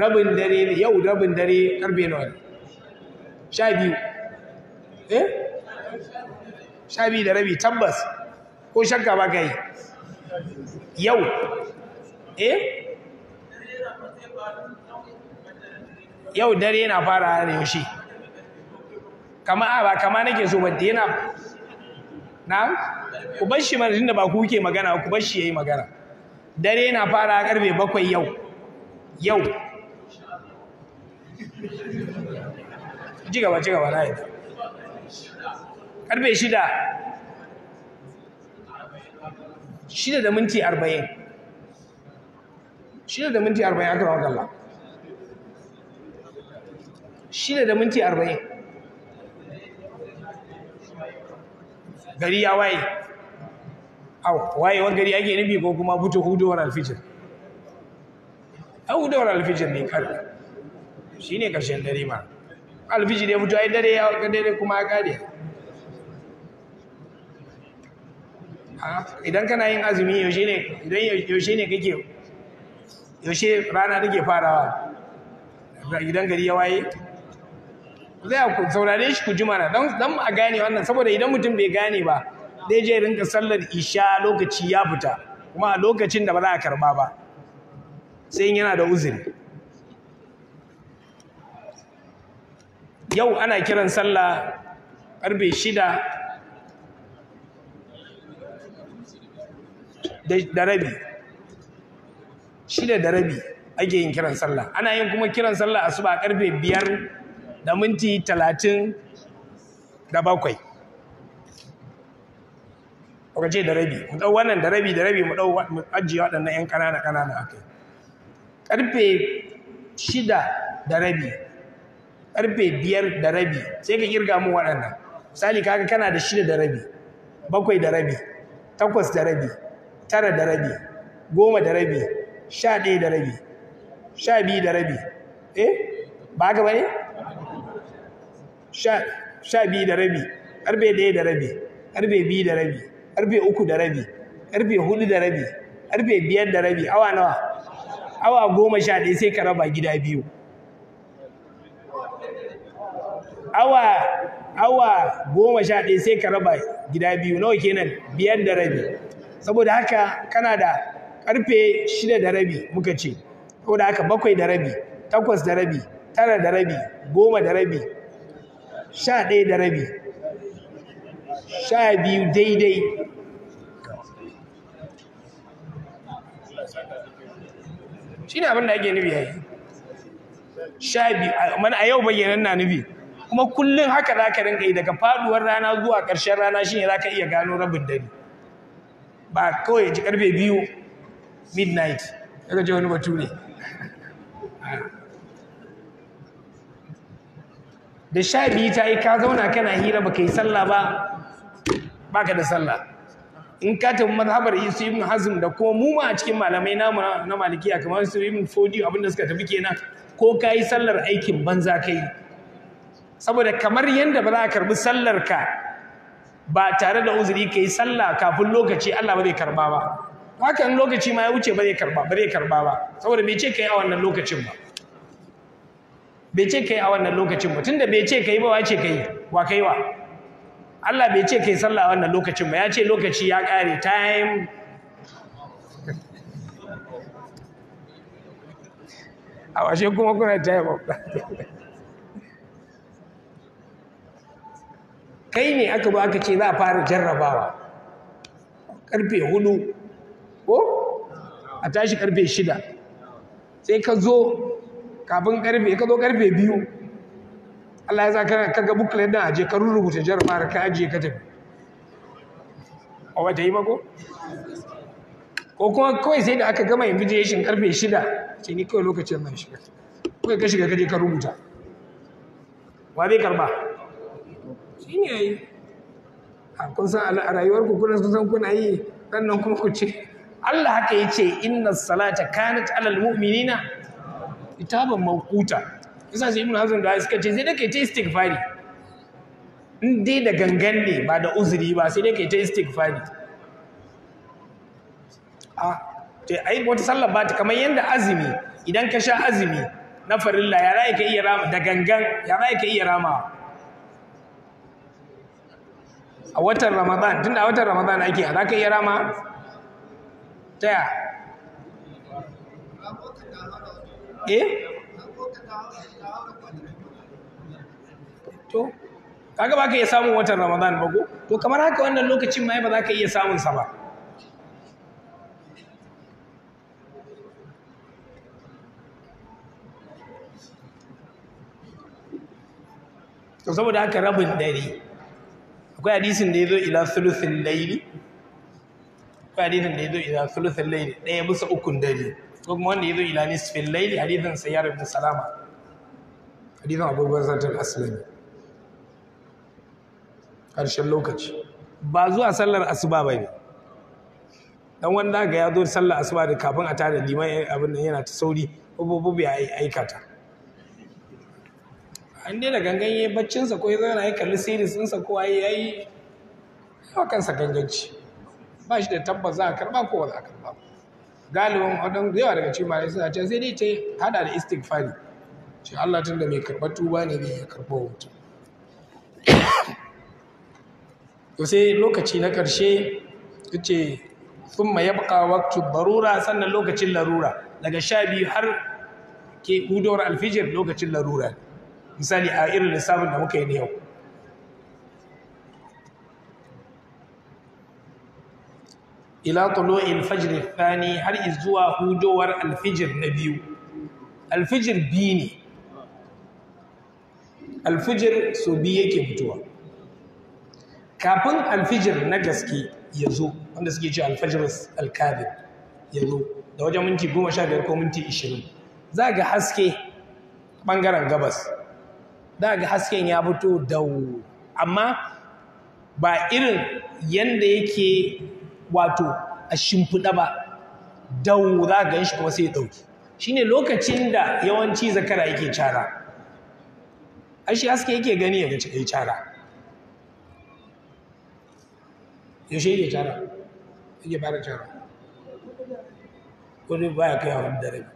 rabin dare yau rabin dare karfe nawa sha biyu eh sha biyu da rabi tabbas ko shakka ba ka yi yau eh yau dare yana fara ne yaushe kama a ba kama nake so ba yana na ku bar shi mana tunda ba ku ke magana ku bar shi yayi magana dare yana fara karfe bakwai yau yau ji gaba ji gaba na yi karfe shida shida da minti arba'in shida da minti arba'in aka rawar Allah shida da minti arba'in gari ya waye au wani gari ake nufi ko kuma fito hudowar alfijir hudowar alfijir ne karfe shi ne ƙarshen dare ma alfijir ya fito ai dare ya kuma ya idan kana yin azumi yaushe ne idan yaushe kake yaushe rana take farawa idan gari ya waye zai ku saurare shi ku jima na dan dan a gane wannan saboda idan mutum bai gane ba zai je rinka sallar isha lokaci ya fita kuma a lokacin da ba za a karba ba sai yana da uzuri yau ana kiran sallah karfe shida da rabi shida da rabi ake yin kiran sallah ana yin kuma kiran sallah ba a karfe biyar da minti talatin da bakwai kuka ce da rabi mu ɗau wannan da rabi da rabi mu ɗau mu ajiye waɗannan 'yan ƙanana ƙanana a kai ƙarfe shida da rabi ƙarfe biyar da rabi sai ka ƙirga mu waɗannan misali kaga kana da shida da rabi bakwai da rabi takwas da rabi tara da rabi goma da rabi sha ɗaya da rabi sha biyu da rabi eh ba ga bane ne sha biyu da rabi ƙarfe ɗaya da rabi ƙarfe biyu da rabi ƙarfe uku da rabi ƙarfe hudu da rabi ƙarfe biyar da rabi awa nawa awa goma sha ɗaya sai ka raba gida biyu awa awa goma sha ɗaya sai ka raba gida biyu nawa kenan biyar da rabi saboda haka kana da karfe shida da rabi muka ce saboda haka bakwai da rabi takwas da rabi tara da rabi goma da rabi sha ɗaya da rabi sha biyu daidai shi ne abin da ake nufi yayi sha biyu a yau bayyanan na nufi kuma kullum haka za ka rinka yi daga faduwar rana zuwa ƙarshen rana shine za ka iya gano rabin dare ba kawai ya ji karfe biyu midnight daga wani batu ne da sha biyu ta yi ka zauna kana hira ba ka yi sallah ba ba ka da sallah in ka tafi mazhabar isu ibn hazm da ko mu a cikin malamai na na malikiya kamar su ibn fodi abinda suka tafi kenan ko ka yi sallar aikin banza kai. saboda kamar yadda ba za a karbi sallar ka ba tare da uzuri ka yi sallah kafin lokaci Allah ba zai karba ba hakan lokaci ma ya wuce ba zai karba ba zai karba ba saboda bai ce ka yi a wannan lokacin ba bai ce yi a wannan lokacin ba tunda bai ce ka yi ba wa ce yi wa kai wa Allah bai ce ka yi sallah a wannan lokacin ba ya ce lokaci ya kare time a [laughs] washe kuma kuna time [laughs] kai ne aka ba aka ce za a fara jarrabawa karfe hudu ko a tashi karfe shida sai ka zo kafin karfe ka zo karfe biyu Allah ya sa ka ga booklet na aje ka rubuta jarrabawar ka aje ka tafi a wata yi mako ko kuma kawai sai da aka gama invitation karfe shida ce ni kawai lokacin nan shiga kuka ka shiga kaje ka rubuta wa zai karba shi ne yi kun san a rayuwar ku kuna san kuna yi sannan kuma ku ce Allah haka ya ce inna salata kanat alal mu'minina kitaban mawquta yasa sai ibnu hazm da suka ce sai dai kai ta istighfari in dai da gangan ne ba da uzuri ba sai dai kai ta istighfari a ce ai wata sallar ba ta kamar yanda azumi idan ka sha azumi na farilla ya ra'ayi ka iya rama da gangan ya ra'ayi ka iya rama a watan ramadan tunda a watan ramadan ake a za ka iya rama ta ya eh to kaga ba ka iya samun watan ramadan ba ko to kamar haka wannan lokacin ma ba za ka iya samun sa ba to saboda haka rabin dare akwai hadisin da ya zo ila sulusin laili akwai hadisin da ya zo ila sulusin laili ɗaya bisa ukun dare ko kuma wanda ya zo ila nisfin laili hadisin sayyar ibn salama hadisin abubuwan zartar aslami ƙarshen lokaci ba zuwa sallar asuba ba ne dan wanda ga ya zo sallar asuba da kafin a tare liman abin nan yana ta sauri bububu ya aikata an dai da gangan yi baccinsa ko ya zo yana yi kalli sun sa ko ya yayi yawa kansa ganganci ba shi da tabbas za a karɓa ko za a karba galibin yawa daga cikin malai suna ce sai dai ta hada da istighfari shi Allah tun da mai karɓar tuba ne ne ya mutum to sai lokaci na karshe ta ce sun ma yabka waktu barura sannan lokacin larura daga sha biyu har ke hudowar alfijir lokacin larura ne. misali a irin lissafin da muka yi na yau ila tulu'il fajirin fani har zuwa hudowar alfijir na biyu alfijir biyu ne alfijir so biyu yake mutuwa. kafin alfijir na gaske ya zo wanda suke ce alfajir alkabir ya zo da wajen minti goma sha biyar ko minti ishirin za ga haske ɓangaren gabas za ga hasken ya fito dau amma ba irin yanda yake wato a shimfiɗa ba dau za ga shi kuma sai ya ɗauki shine lokacin da yawanci zakara yake cara ashe haske yake gani ya ga cara yaushe yake cara yake fara cara wani baya kai a hudu da rabi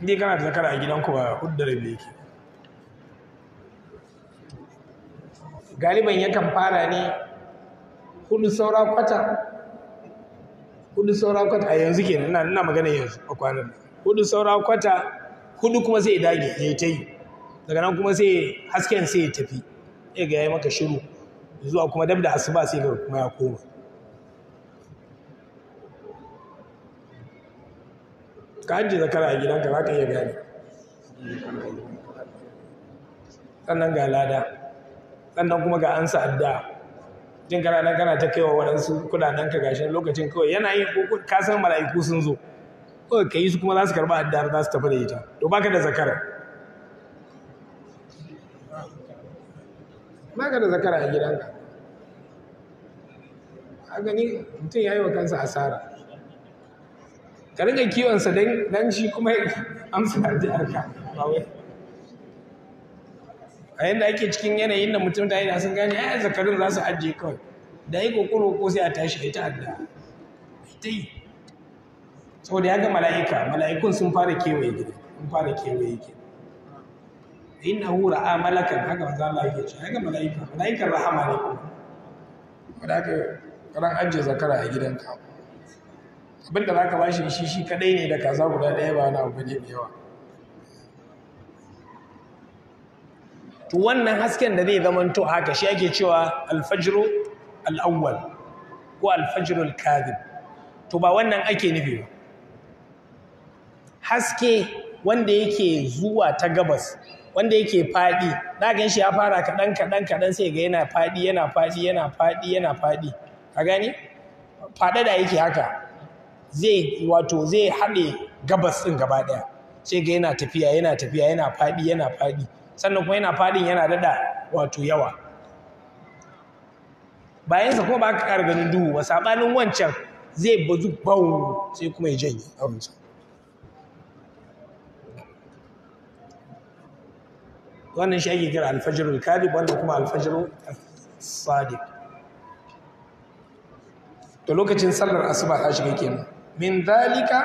inda kana da zakara a gidanku ba hudu da rabi yake galiban yakan fara ne hudu saura kwata hudu saura kwata a yanzu ke nan ina magana yanzu a kwanan hudu saura kwata hudu kuma sai ya dage ya ta yi daga nan kuma sai hasken sai ya tafi ya ga ya maka shiru zuwa kuma dab da asuba sai ga kuma ya koma ka hajji zakara a gidanka za ka iya gane sannan ga lada sannan kuma ga an sa jin kana nan kana ta kaiwa waɗansu kudaden ka gashin lokacin kawai yana yin ko kasan mala'iku sun zo kawai ka yi su kuma za su karɓa addar za su tafi da ita to baka da zakara ka da zakara a gidanka a gani mutum ya yi wa kansa asara ka rinka kiwonsa don shi kuma amsa addu'arka ba wai a yadda ake cikin yanayin da mutum ta yi sun gani ya zakarun za su ajiye kawai da yi kokoro ko sai a tashi a yi adda mai ta yi saboda ya ga mala'ika mala'ikun sun fara kewaye gida sun fara kewaye gida inna hu ra'a malakan haka maza Allah yake cewa ya ga mala'ika mala'ikar rahama ne ko wanda aka karan ajiye zakara a gidanka abinda ka bashi shi shi kadai ne da kaza guda daya ba na abu ne mai yawa to wannan hasken da zai zamanto haka shi ake cewa alfajiru al'awwal ko alfajiru al to ba wannan ake nufi ba haske wanda yake zuwa ta gabas wanda yake faɗi na gan shi ya fara kaɗan kaɗan kaɗan sai ga yana faɗi yana faɗi yana faɗi yana faɗi ka gani faɗa da yake haka zai wato zai haɗe gabas ɗin gaba ɗaya sai ga yana tafiya yana tafiya yana faɗi yana faɗi sannan kuma yana faɗin yana dada wato yawa bayansa kuma ba ka ƙara ganin duhu ba saɓanin wancan zai bazu bau sai kuma ya janye aurinsa wannan shi ake kira alfajirul kadib wannan kuma alfajirul sadiq to lokacin sallar asuba ta shiga kenan min dalika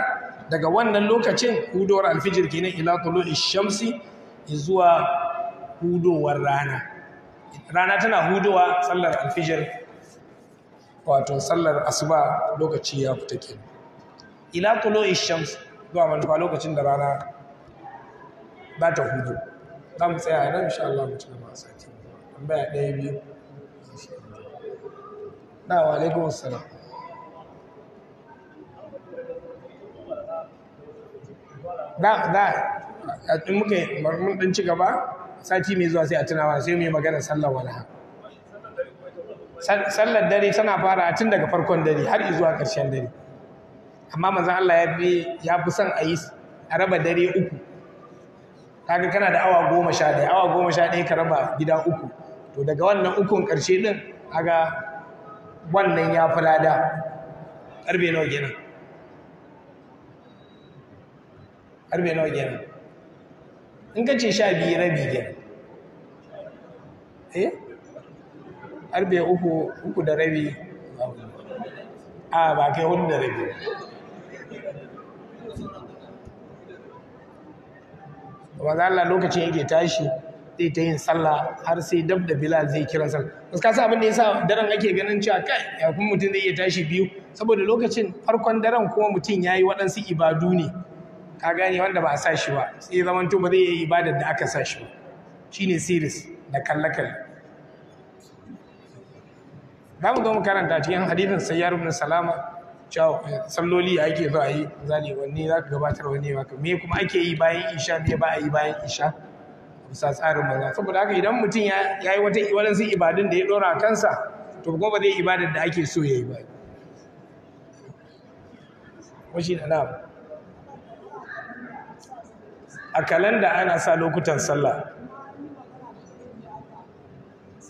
daga wannan lokacin hudowar alfijir kenan ila tulu'i shamsi zuwa hudowar rana rana tana hudowa sallar alfijir wato sallar asuba lokaci ya fita ke ila tulo ishams zuwa manufa lokacin da rana ba ta hudu za mu tsaya nan insha Allah mu da masu a an baya ɗaya biyu na wa sana na da da in muka mun dan ci gaba sati mai zuwa sai a tunawa sai mai magana sallar walaha sallar dare tana fara tun daga farkon dare har zuwa ƙarshen dare amma maza Allah ya fi ya fi son a yi a raba dare uku kaga kana da awa goma sha ɗaya awa goma sha ɗaya ka raba gida uku to daga wannan ukun ƙarshe ɗin kaga wannan ya fi lada ƙarfe nawa kenan ƙarfe nawa kenan in ka ce sha biyu rabi kenan harbe uku uku da rabi a ba kai hudu da rabi wanda lokacin yake tashi zai ta yin sallah har sai dab da bilal zai kira sallah wasu kasa abin da ya sa daren ake ganin cewa kai ya kuma mutum zai iya tashi biyu saboda lokacin farkon daren kuma mutum ya yi waɗansu ibadu ne ka gane wanda ba a sa shi ba sai zamantu ba zai yi ibadar da aka sa shi ba shine siris da kalle za mu zo mu karanta cikin hadithin sayyar ibn salama cewa eh, salloli ake zo a yi zane wani za ka gabatar wani ba me kuma ake yi bayan isha me ba a yi bayan isha bisa tsarin maza saboda haka idan mutum ya yi wata waɗansu ibadun da ya ɗora kansa to kuma ba zai ibadar da ake so ya yi ba washi na na a kalanda ana sa lokutan sallah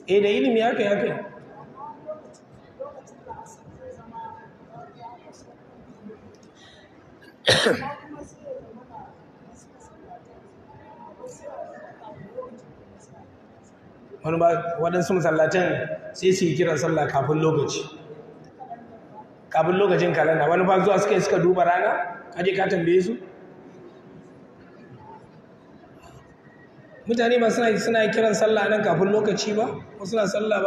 eh da ilimi haka ya kai [clears throat] wani ba waɗansu masallatan sai su yi kiran sallah kafin lokaci kafin lokacin kalanda wani ba zuwa suka yi suka duba rana kaje ka tambaye su mutane ba suna yi kiran sallah nan kafin lokaci ba ko suna sallah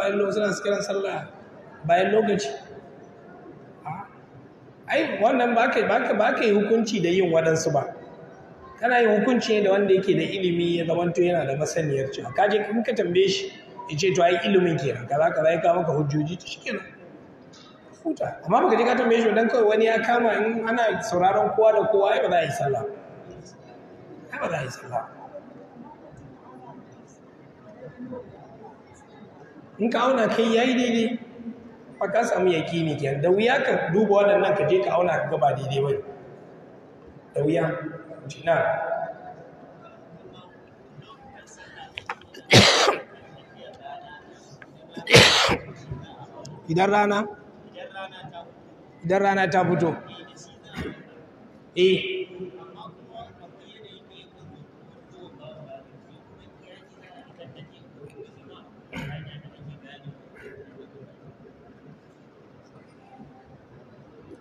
bayan lokaci ai wannan ba ka yi hukunci da yin waɗansu ba kana yin hukunci ne da wanda yake da ilimi ya zamanto yana da masaniyar ci ka je in ka tambaye shi ya ce to ai ilimin kenan ka kaza ka kawo maka hujjoji shi kenan futa, amma baka je ka tambaye shi dan kawai wani ya kama in ana sauraron kowa da kowa ai ba za a yi sallah ai ba za a yi sallah in ka auna kai yayi daidai fa ka samu ne ke da wuya ka duba waɗannan ka je ka auna ka gaba daidai wai da wuya jina idan rana idan rana ta fito eh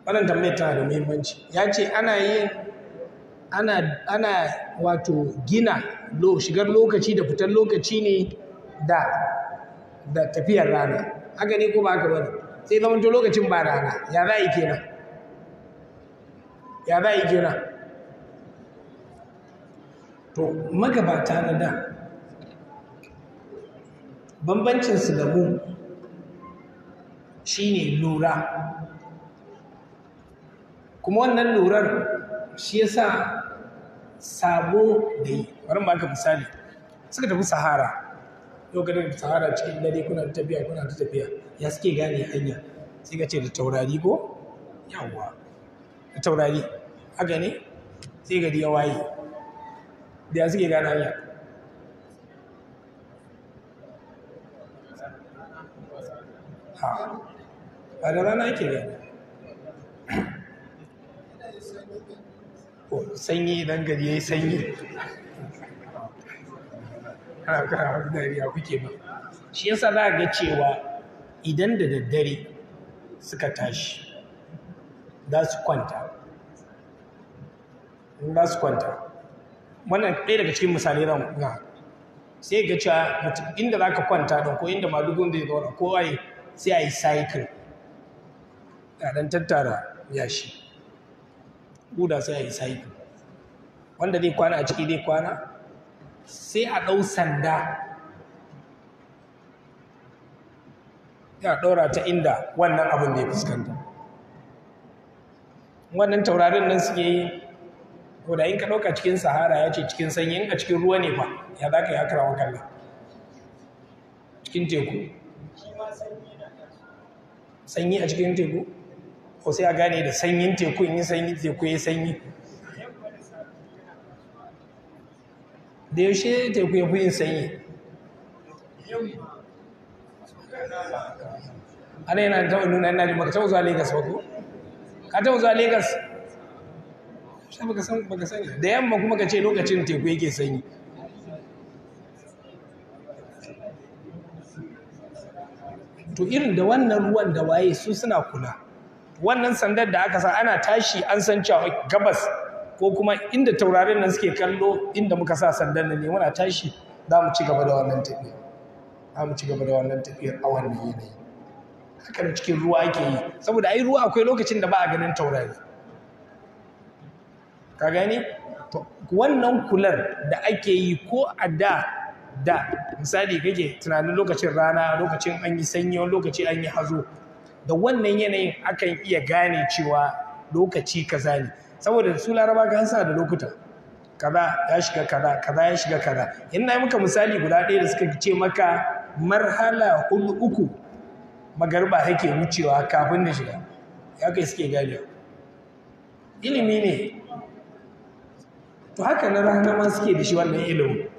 wannan tambayar tana da muhimmanci ya ce ana yin ana ana wato gina shigar lokaci da fitar lokaci ne da da tafiyar rana haka ne ko ba haka bane sai zama to lokacin ba rana ya za a yi kenan ya za a yi kenan to magabata na da su da mu shine lura kuma wannan lurar shi ya sa sabo da yi bari ba ka misali suka tafi sahara lokacin da sahara cikin dare kuna ta tafiya kuna ta tafiya ya suke gane hanya sai ka ce da taurari ko yawwa da taurari a ne sai gari ya waye da ya suke gane hanya ha A da rana yake gane sanyi idan gari ya yi sanyi ana kara dariya kuke ba shi yasa za a ga cewa idan da daddare suka tashi za su kwanta za su kwanta wannan ɗaya daga cikin misali ran na sai ga cewa inda za ka kwanta ɗin ko inda madugun da ya zauna ko sai a yi cycle a ɗan tattara yashi guda sai ya yi cycle wanda zai kwana a ciki zai kwana sai a ɗau sanda ya ɗora ta inda wannan abin da ya fuskanta wannan taurarin nan suke yi ko da in ka ɗauka cikin sahara ya ce cikin sanyi a cikin ruwa ne ba ya za ka yi akara kalla cikin teku sanyi a cikin teku ko sai a gane da sanyin teku in yi sanyi teku ya sanyi da yaushe teku ya fi yin sanyi ana yana da taɓa nuna yana jima ka taɓa zuwa lagos ba ku ka taɓa zuwa lagos ka sani da yamma kuma ka ce lokacin teku yake sanyi to irin da wannan ruwan da waye su suna kula wannan sandar da aka sa ana tashi an san cewa gabas ko kuma inda taurarin nan suke kallo inda muka sa sandar nan ne muna tashi za mu ci gaba da wannan tafiya za mu ci gaba da wannan tafiyar a wannan yanayi haka cikin ruwa ake yi saboda ai ruwa akwai lokacin da ba a ganin taurari ka gani wannan kular da ake yi ko a da da misali kake tunanin lokacin rana lokacin an yi sanyi lokacin lokaci an yi hazo da wannan yanayin akan iya gane cewa lokaci kaza ne saboda su laraba ga hansa da lokuta kaza ya shiga kaza kaza ya shiga kaza in na yi maka misali guda ɗaya da suka ce maka marhala hulu uku magarba hake wucewa kafin da shiga ya kai suke gane ilimi ne to haka na rana ma suke da shi wannan ilimin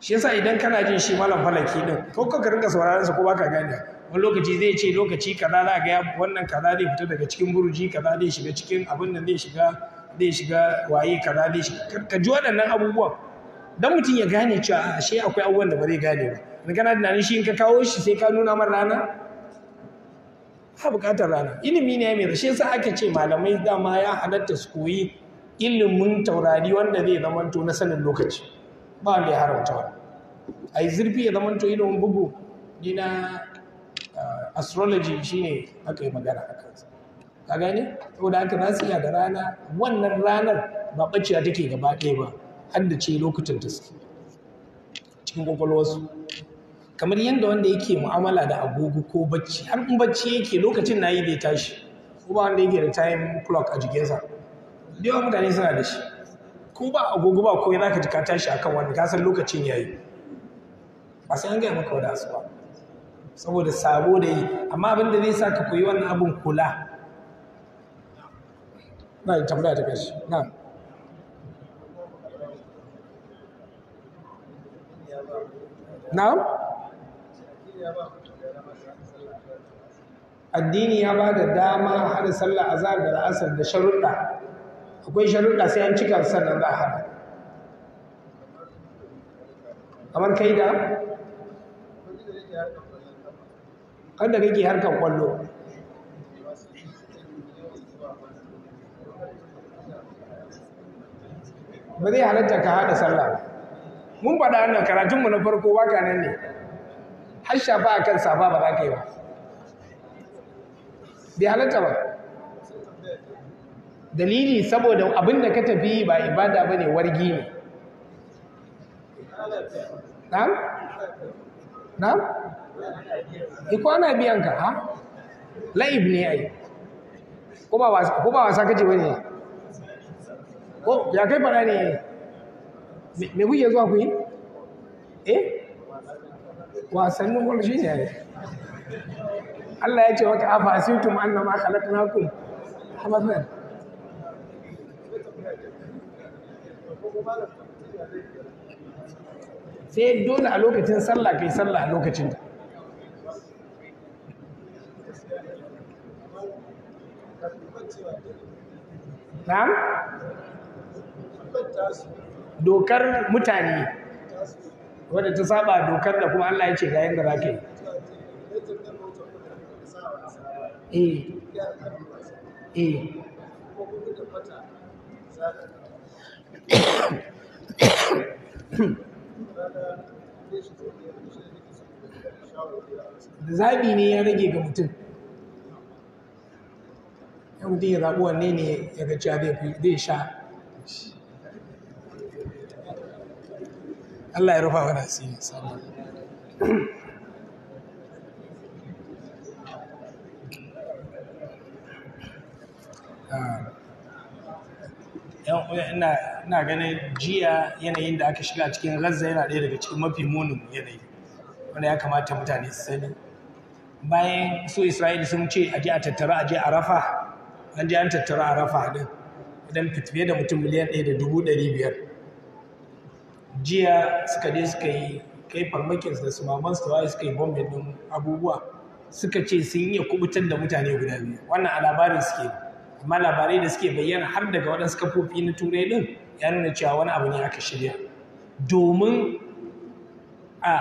shi yasa idan kana jin shi malam falaki din ko ka rinka sauraron sa ko baka gane wani lokaci zai ce lokaci kaza za ga wannan kaza zai fita daga cikin burji kaza zai shiga cikin abin nan zai shiga zai shiga waye kaza zai shiga ka ji waɗannan abubuwan dan mutum ya gane cewa a ah, ashe akwai abubuwan da ba zai gane ba in kana tunanin shi in ka kawo shi sai ka nuna mar rana ba bukatar rana ilimi ne mai rashin sa ake ce malamai dama ya halatta su koyi ilimin taurari wanda zai zamanto na sanin lokaci ba wanda ya haramta wani a yi zurfi ya zamanto ilimin bugu ni na Ah, astrology shi ne aka yi magana a kansa ka gane saboda haka za su iya da rana wannan ranar ba ɓaciya take gaba ɗaya ba har da ce lokutan ta suke cikin kwakwalwarsu kamar yadda wanda yake mu'amala da agogo ko bacci har in bacci yake lokacin na yi bai tashi ko ba wanda yake da time clock a jikinsa da yawan mutane suna da shi ko ba agogo ba ko yana ka tashi akan wani ka san lokacin ya yi ba sai an gaya maka wani asuba saboda sabo da yi amma abin da zai sa ka koyi wannan abin kula na tambaya ta kashi na na addini ya ba da dama hada sallah a zagar da asar da sharuɗa akwai sharuɗa sai an cika sannan za a hada kamar kai da Kanda kake harkar kwallo ba zai halatta ka hada sallah mun faɗa wannan karatunmu na farko waka nan ne har shafa a kan safa ba za ka yi ba bai halatta ba dalili saboda abinda ka tafi ba ibada ba ne wargi ne na? na? iko ana biyan ka ha la'ib ne ai ko ba wasa kace bane ko ya kai fara ne me kuke zuwa ku yi eh wasannin wani shi ne Allah ya ce maka afa asitum annama khalaqnakum hamathan sai dole a lokacin sallah kai sallah a lokacin ta na'am dokar mutane wadda ta saba dokar da kuma Allah ya ce ga yanda za ka yi eh, eh. [coughs] zaɓi ne ya rage ga mutum ya mutum ya zaɓi wanne ne ya ga cewa zai sha Allah ya rufa mana asiri sannan ah, ina ganin jiya yanayin da aka shiga cikin gaza yana ɗaya daga cikin mafi munin yanayi wanda ya kamata mutane su sani bayan su isra'ila sun ce aje a tattara aje a rafa an ji an tattara a rafa din idan fiye da mutum miliyan ɗaya da dubu ɗari biyar jiya suka je suka yi kai farmakin da su su waye suka yi bombin din abubuwa suka ce sun yi kubutar da mutane guda biyu wannan a labarin suke amma labarai da suke bayyana har daga waɗansu kafofi na turai din ya nuna cewa wani abu ne aka shirya domin a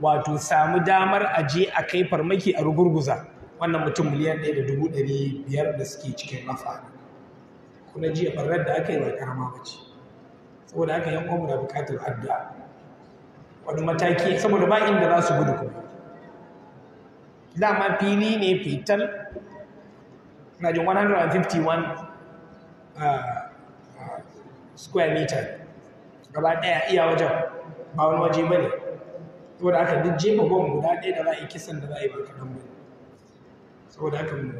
wato samu damar a je a kai farmaki a rugurguza wannan mutum miliyan ɗaya da dubu ɗari biyar da suke cikin mafa kuna jiya barnar da aka yi ba karama ba ce saboda aka yan uwanmu da buƙatar addu'a wani mataki saboda ba inda za su gudu kuma dama fili ne fetal na jin 151 ah, square meter gaba ɗaya iya wajen ba wani waje ba ne saboda aka duk jefa gwamnati guda ɗaya da za a yi kisan da za a yi ba kaɗan ba saboda haka mu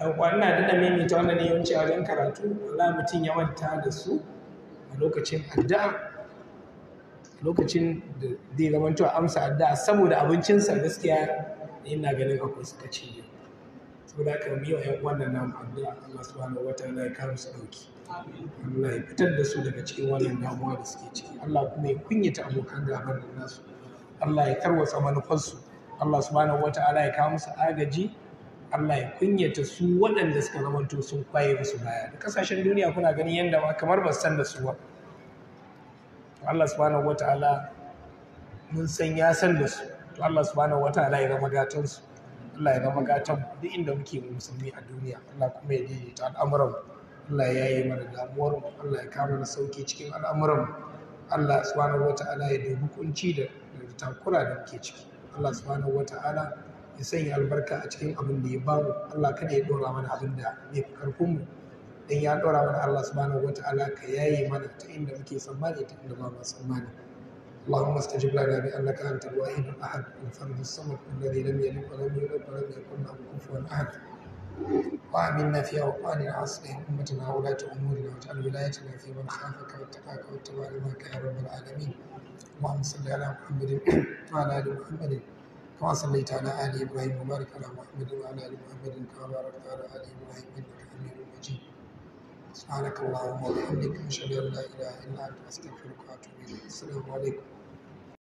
yawa ina daɗa maimaita wannan ne yawanci a wajen karatu wala mutum ya wanta da su a lokacin addu'a lokacin da zai zama to amsa addu'a saboda abincinsa gaskiya ina ganin akwai suka ce saboda haka mu yi wa 'yan wannan addu'a Allah subhanahu wataala ya kawo su dauki Allah ya fitar da su daga cikin wannan damuwa da suke ciki Allah kuma ya kunyata abokan gaban nasu Allah ya tarwatsa manufarsu Allah subhanahu wata'ala ya kawo musu agaji Allah ya kunyata su waɗanda suka zamanto sun kwaye musu baya da kasashen duniya kuna ganin yadda ma kamar ba san da su ba Allah subhanahu wata'ala mun san ya san da su to Allah subhanahu wata'ala ya zama gatan su Allah ya zama gatan duk inda muke musulmi a duniya Allah kuma ya ta al'amuran Allah ya yi mana damuwar mu Allah ya kawo mana sauki cikin al'amuran mu Allah subhanahu wata'ala ya dubi kunci da takura da muke ciki Allah subhanahu ta'ala ya sanya albarka a cikin abin da ya bamu Allah kada ya dora mana abin da bai fi karfin mu dan ya dora mana Allah subhanahu ta'ala ka yaye mana ta inda muke tsammani ta inda ba mu tsammani اللهم استجب لنا بانك انت الواحد الاحد الفرد الصمد الذي لم يلد ولم يولد ولم يكن له كفوا احد وآمنا في أوطان العصر أمتنا ولاة أمورنا واجعل ولايتنا في من خافك واتقاك واتبع رضاك يا رب العالمين اللهم صل على محمد وعلى آل محمد كما صليت على آل إبراهيم وبارك على محمد وعلى آل محمد كما باركت على آل إبراهيم إنك حميد مجيد سبحانك اللهم وبحمدك أشهد أن لا إله إلا أنت أستغفرك وأتوب إليك السلام عليكم